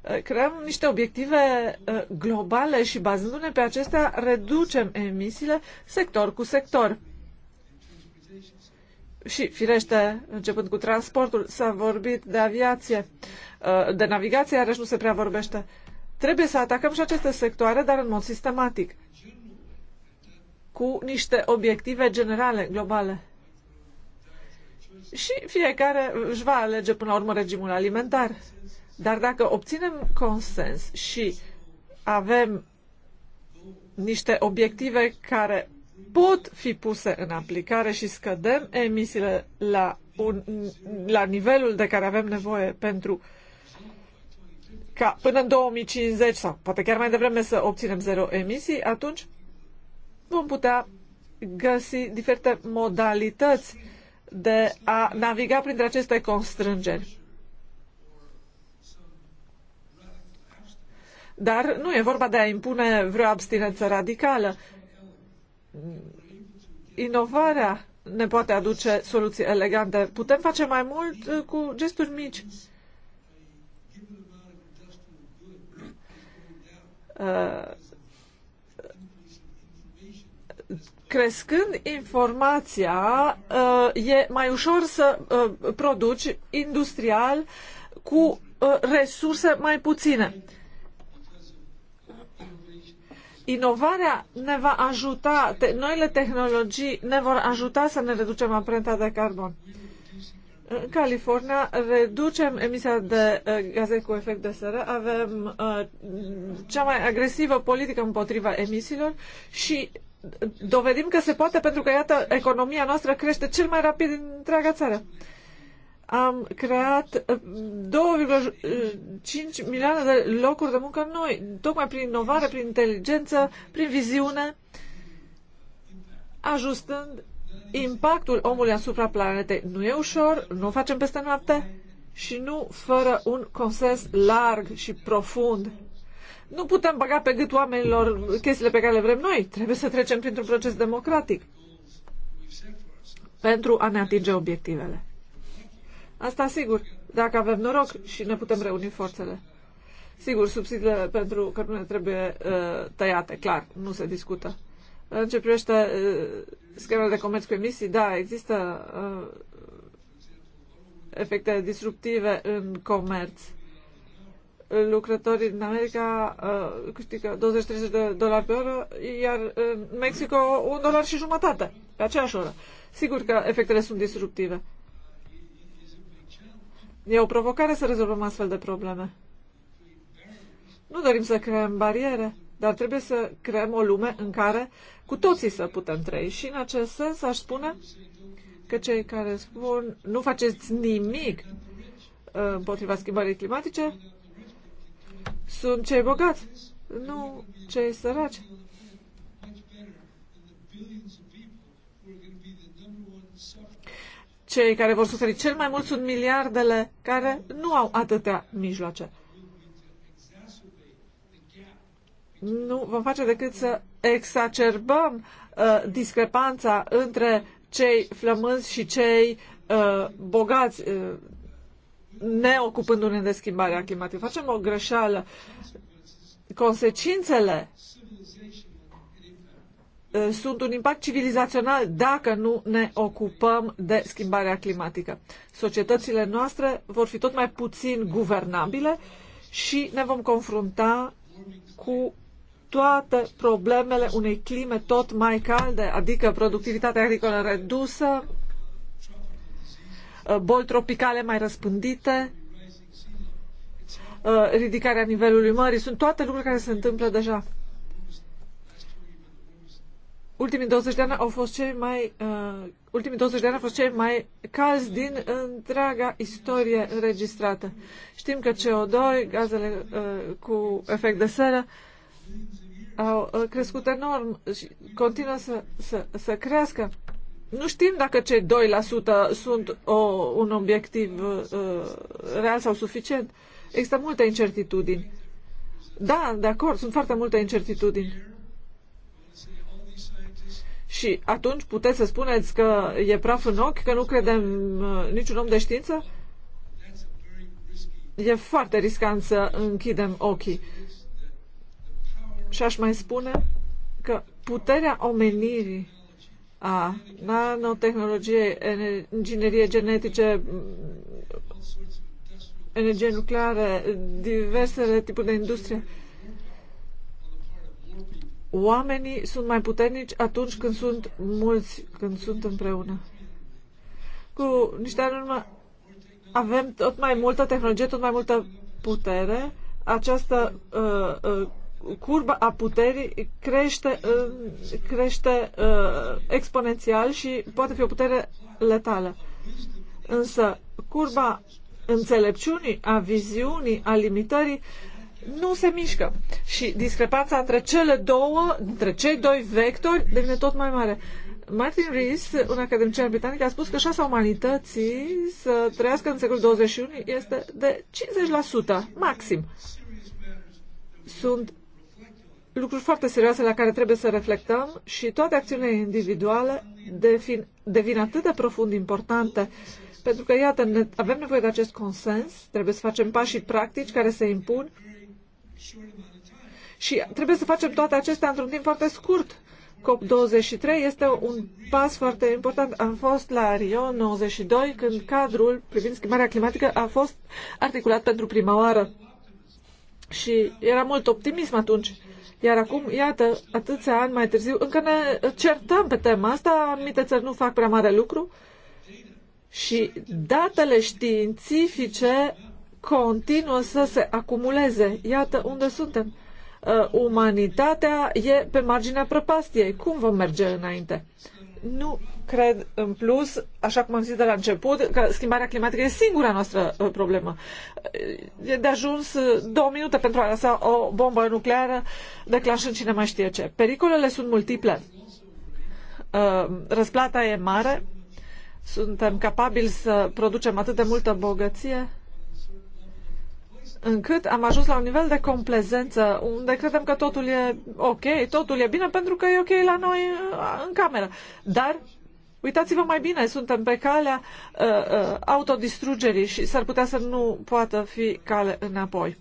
eh, creăm niște obiective eh, globale și bazându-ne pe acestea reducem emisiile sector cu sector. Și, firește, începând cu transportul, s-a vorbit de aviație, eh, de navigație, iarăși nu se prea vorbește. Trebuie să atacăm și aceste sectoare, dar în mod sistematic cu niște obiective generale, globale. Și fiecare își va alege până la urmă regimul alimentar. Dar dacă obținem consens și avem niște obiective care pot fi puse în aplicare și scădem emisiile la, un, la nivelul de care avem nevoie pentru ca până în 2050 sau poate chiar mai devreme să obținem zero emisii, atunci vom putea găsi diferite modalități de a naviga printre aceste constrângeri. Dar nu e vorba de a impune vreo abstinență radicală. Inovarea ne poate aduce soluții elegante. Putem face mai mult uh, cu gesturi mici. Uh, crescând informația, uh, e mai ușor să uh, produci industrial cu uh, resurse mai puține. Inovarea ne va ajuta, noile tehnologii ne vor ajuta să ne reducem amprenta de carbon. În California reducem emisia de gaze cu efect de seră, avem uh, cea mai agresivă politică împotriva emisiilor și dovedim că se poate pentru că, iată, economia noastră crește cel mai rapid din întreaga țară. Am creat 2,5 uh, milioane de locuri de muncă noi, tocmai prin inovare, prin inteligență, prin viziune, ajustând impactul omului asupra planetei. Nu e ușor, nu o facem peste noapte și nu fără un consens larg și profund nu putem băga pe gât oamenilor chestiile pe care le vrem noi. Trebuie să trecem printr-un proces democratic pentru a ne atinge obiectivele. Asta sigur, dacă avem noroc și ne putem reuni forțele. Sigur, subsidiile pentru cărbune trebuie uh, tăiate, clar, nu se discută. În ce privește uh, schemele de comerț cu emisii, da, există uh, efecte disruptive în comerț. Uh, lucrătorii din America uh, câștigă 20-30 de dolari pe oră, iar în Mexico un dolar și jumătate pe aceeași oră. Sigur că efectele sunt disruptive. E o provocare să rezolvăm astfel de probleme. Nu dorim să creăm bariere, dar trebuie să creăm o lume în care cu toții să putem trăi. Și în acest sens aș spune că cei care spun nu faceți nimic uh, împotriva schimbării climatice sunt cei bogați, nu cei săraci. Cei care vor suferi cel mai mult sunt miliardele care nu au atâtea mijloace. Nu vom face decât să exacerbăm uh, discrepanța între cei flămânzi și cei uh, bogați. Uh, ne ocupându-ne de schimbarea climatică. Facem o greșeală. Consecințele uh, sunt un impact civilizațional dacă nu ne ocupăm de schimbarea climatică. Societățile noastre vor fi tot mai puțin guvernabile și ne vom confrunta cu toate problemele unei clime tot mai calde, adică productivitatea agricolă redusă, Uh, boli tropicale mai răspândite, uh, ridicarea nivelului mării, sunt toate lucruri care se întâmplă deja. Ultimii 20 de ani au fost cei mai uh, ultimii 20 de ani au fost cei mai calzi din întreaga istorie înregistrată. Știm că CO2, gazele uh, cu efect de seră au uh, crescut enorm și continuă să, să, să crească. Nu știm dacă cei 2% sunt o, un obiectiv uh, real sau suficient. Există multe incertitudini. Da, de acord, sunt foarte multe incertitudini. Și atunci puteți să spuneți că e praf în ochi, că nu credem uh, niciun om de știință? E foarte riscant să închidem ochii. Și aș mai spune că puterea omenirii a nanotehnologiei, inginerie genetice, energie nucleară, diversele tipuri de industrie. Oamenii sunt mai puternici atunci când sunt mulți, când sunt împreună. Cu niște ani urmă avem tot mai multă tehnologie, tot mai multă putere. Această uh, uh, curba a puterii crește, crește uh, exponențial și poate fi o putere letală. Însă curba înțelepciunii, a viziunii, a limitării nu se mișcă. Și discrepanța între cele două, între cei doi vectori, devine tot mai mare. Martin Rees, un academician britanic, a spus că șansa umanității să trăiască în secolul 21 este de 50%, maxim. Sunt lucruri foarte serioase la care trebuie să reflectăm și toate acțiunile individuale devin, devin atât de profund importante pentru că, iată, ne, avem nevoie de acest consens, trebuie să facem pașii practici care se impun și trebuie să facem toate acestea într-un timp foarte scurt. COP23 este un pas foarte important. Am fost la Rio 92 când cadrul privind schimbarea climatică a fost articulat pentru prima oară. Și era mult optimism atunci. Iar acum, iată, atâția ani mai târziu, încă ne certăm pe tema asta, anumite țări nu fac prea mare lucru și datele științifice continuă să se acumuleze. Iată unde suntem. Uh, umanitatea e pe marginea prăpastiei. Cum vom merge înainte? Nu Cred, în plus, așa cum am zis de la început, că schimbarea climatică e singura noastră uh, problemă. E de ajuns uh, două minute pentru a lăsa o bombă nucleară, declanșând cine mai știe ce. Pericolele sunt multiple. Uh, răsplata e mare. Suntem capabili să producem atât de multă bogăție încât am ajuns la un nivel de complezență unde credem că totul e ok, totul e bine pentru că e ok la noi în cameră. Dar Uitați-vă mai bine, suntem pe calea uh, uh, autodistrugerii și s-ar putea să nu poată fi cale înapoi.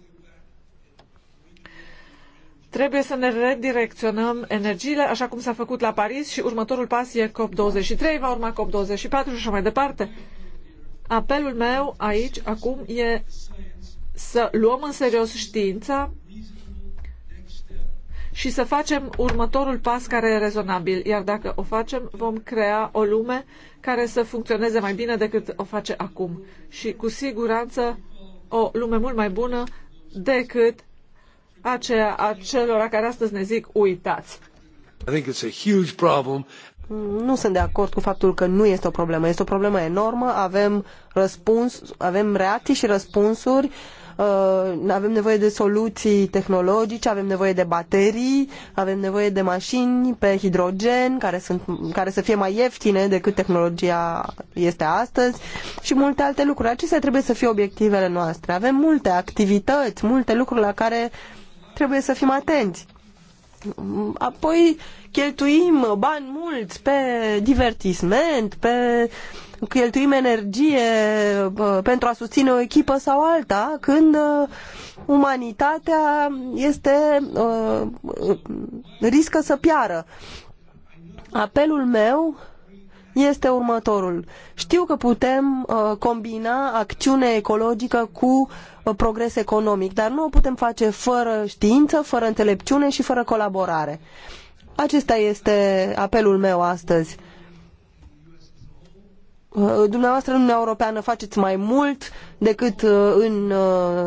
Trebuie să ne redirecționăm energiile, așa cum s-a făcut la Paris și următorul pas e COP23, va urma COP24 și așa mai departe. Apelul meu aici, acum, e să luăm în serios știința, și să facem următorul pas care e rezonabil. Iar dacă o facem, vom crea o lume care să funcționeze mai bine decât o face acum. Și cu siguranță o lume mult mai bună decât aceea a celor care astăzi ne zic uitați. I think it's a huge problem. Nu sunt de acord cu faptul că nu este o problemă. Este o problemă enormă. Avem răspuns, avem reacții și răspunsuri uh, Uh, avem nevoie de soluții tehnologice, avem nevoie de baterii, avem nevoie de mașini pe hidrogen care, sunt, care să fie mai ieftine decât tehnologia este astăzi și multe alte lucruri. Acestea trebuie să fie obiectivele noastre. Avem multe activități, multe lucruri la care trebuie să fim atenți. Apoi cheltuim bani mulți pe divertisment, pe uh, cheltuim energie pentru a susține o echipă sau alta, când umanitatea este riscă să piară. Apelul meu este următorul. Știu că putem uh, combina acțiune ecologică cu uh, progres economic, dar nu o putem face fără știință, fără înțelepciune și fără colaborare. Acesta este apelul meu astăzi. Uh, dumneavoastră în Uniunea Europeană faceți mai mult decât uh, în uh,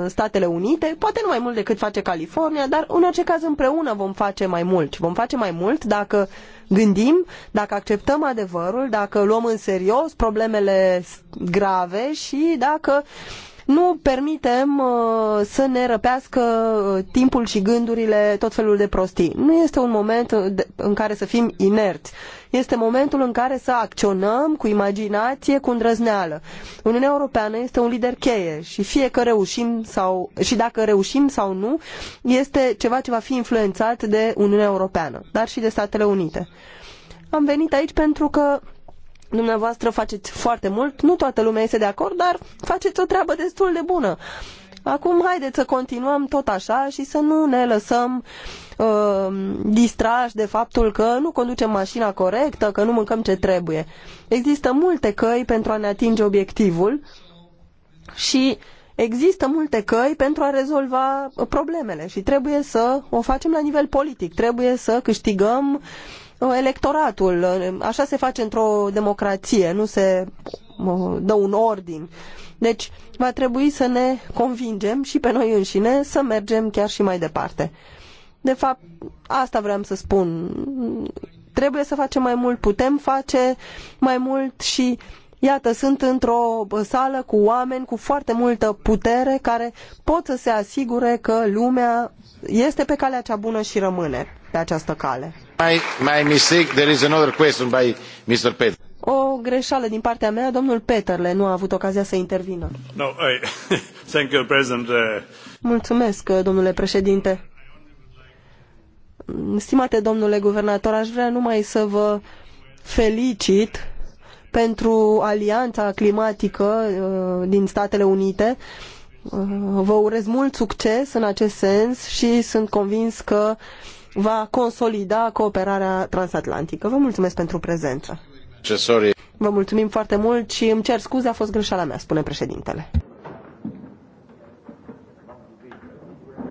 Statele Unite, poate nu mai mult decât face California, dar în orice caz împreună vom face mai mult. Vom face mai mult dacă gândim, dacă acceptăm adevărul, dacă luăm în serios problemele grave și dacă uh, nu permitem uh, să ne răpească uh, timpul și gândurile tot felul de prostii. Nu este un moment uh, în care să fim inerți. Este momentul în care să acționăm cu imaginație, cu îndrăzneală. Uniunea Europeană este un lider cheie și fie că reușim sau, și dacă reușim sau nu, este ceva ce va fi influențat de Uniunea Europeană, dar și de Statele Unite. Am venit aici pentru că Dumneavoastră faceți foarte mult, nu toată lumea este de acord, dar faceți o treabă destul de bună. Acum haideți să continuăm tot așa și să nu ne lăsăm uh, distrași de faptul că nu conducem mașina corectă, că nu mâncăm ce trebuie. Există multe căi pentru a ne atinge obiectivul și există multe căi pentru a rezolva problemele și trebuie să o facem la nivel politic. Trebuie să câștigăm uh, Uh, electoratul. Uh, așa se face într-o democrație, nu se uh, dă un ordin. Deci va trebui să ne convingem și pe noi înșine să mergem chiar și mai departe. De fapt, asta vreau să spun. Trebuie să facem mai mult, putem face mai mult și Iată, sunt într-o sală cu oameni cu foarte multă putere care pot să se asigure că lumea este pe calea cea bună și rămâne pe această cale. My, my mistake, there is another question by Mr. Peter. O greșeală din partea mea, domnul Peterle nu a avut ocazia să intervină. No, I, *laughs* thank you, President. Uh. Mulțumesc, domnule președinte. Stimate domnule guvernator, aș vrea numai să vă felicit pentru alianța climatică uh, din Statele Unite. Uh, vă urez mult succes în acest sens și sunt convins că va consolida cooperarea transatlantică. Vă mulțumesc pentru prezență. Vă mulțumim foarte mult și îmi cer scuze, a fost greșeala mea, spune președintele.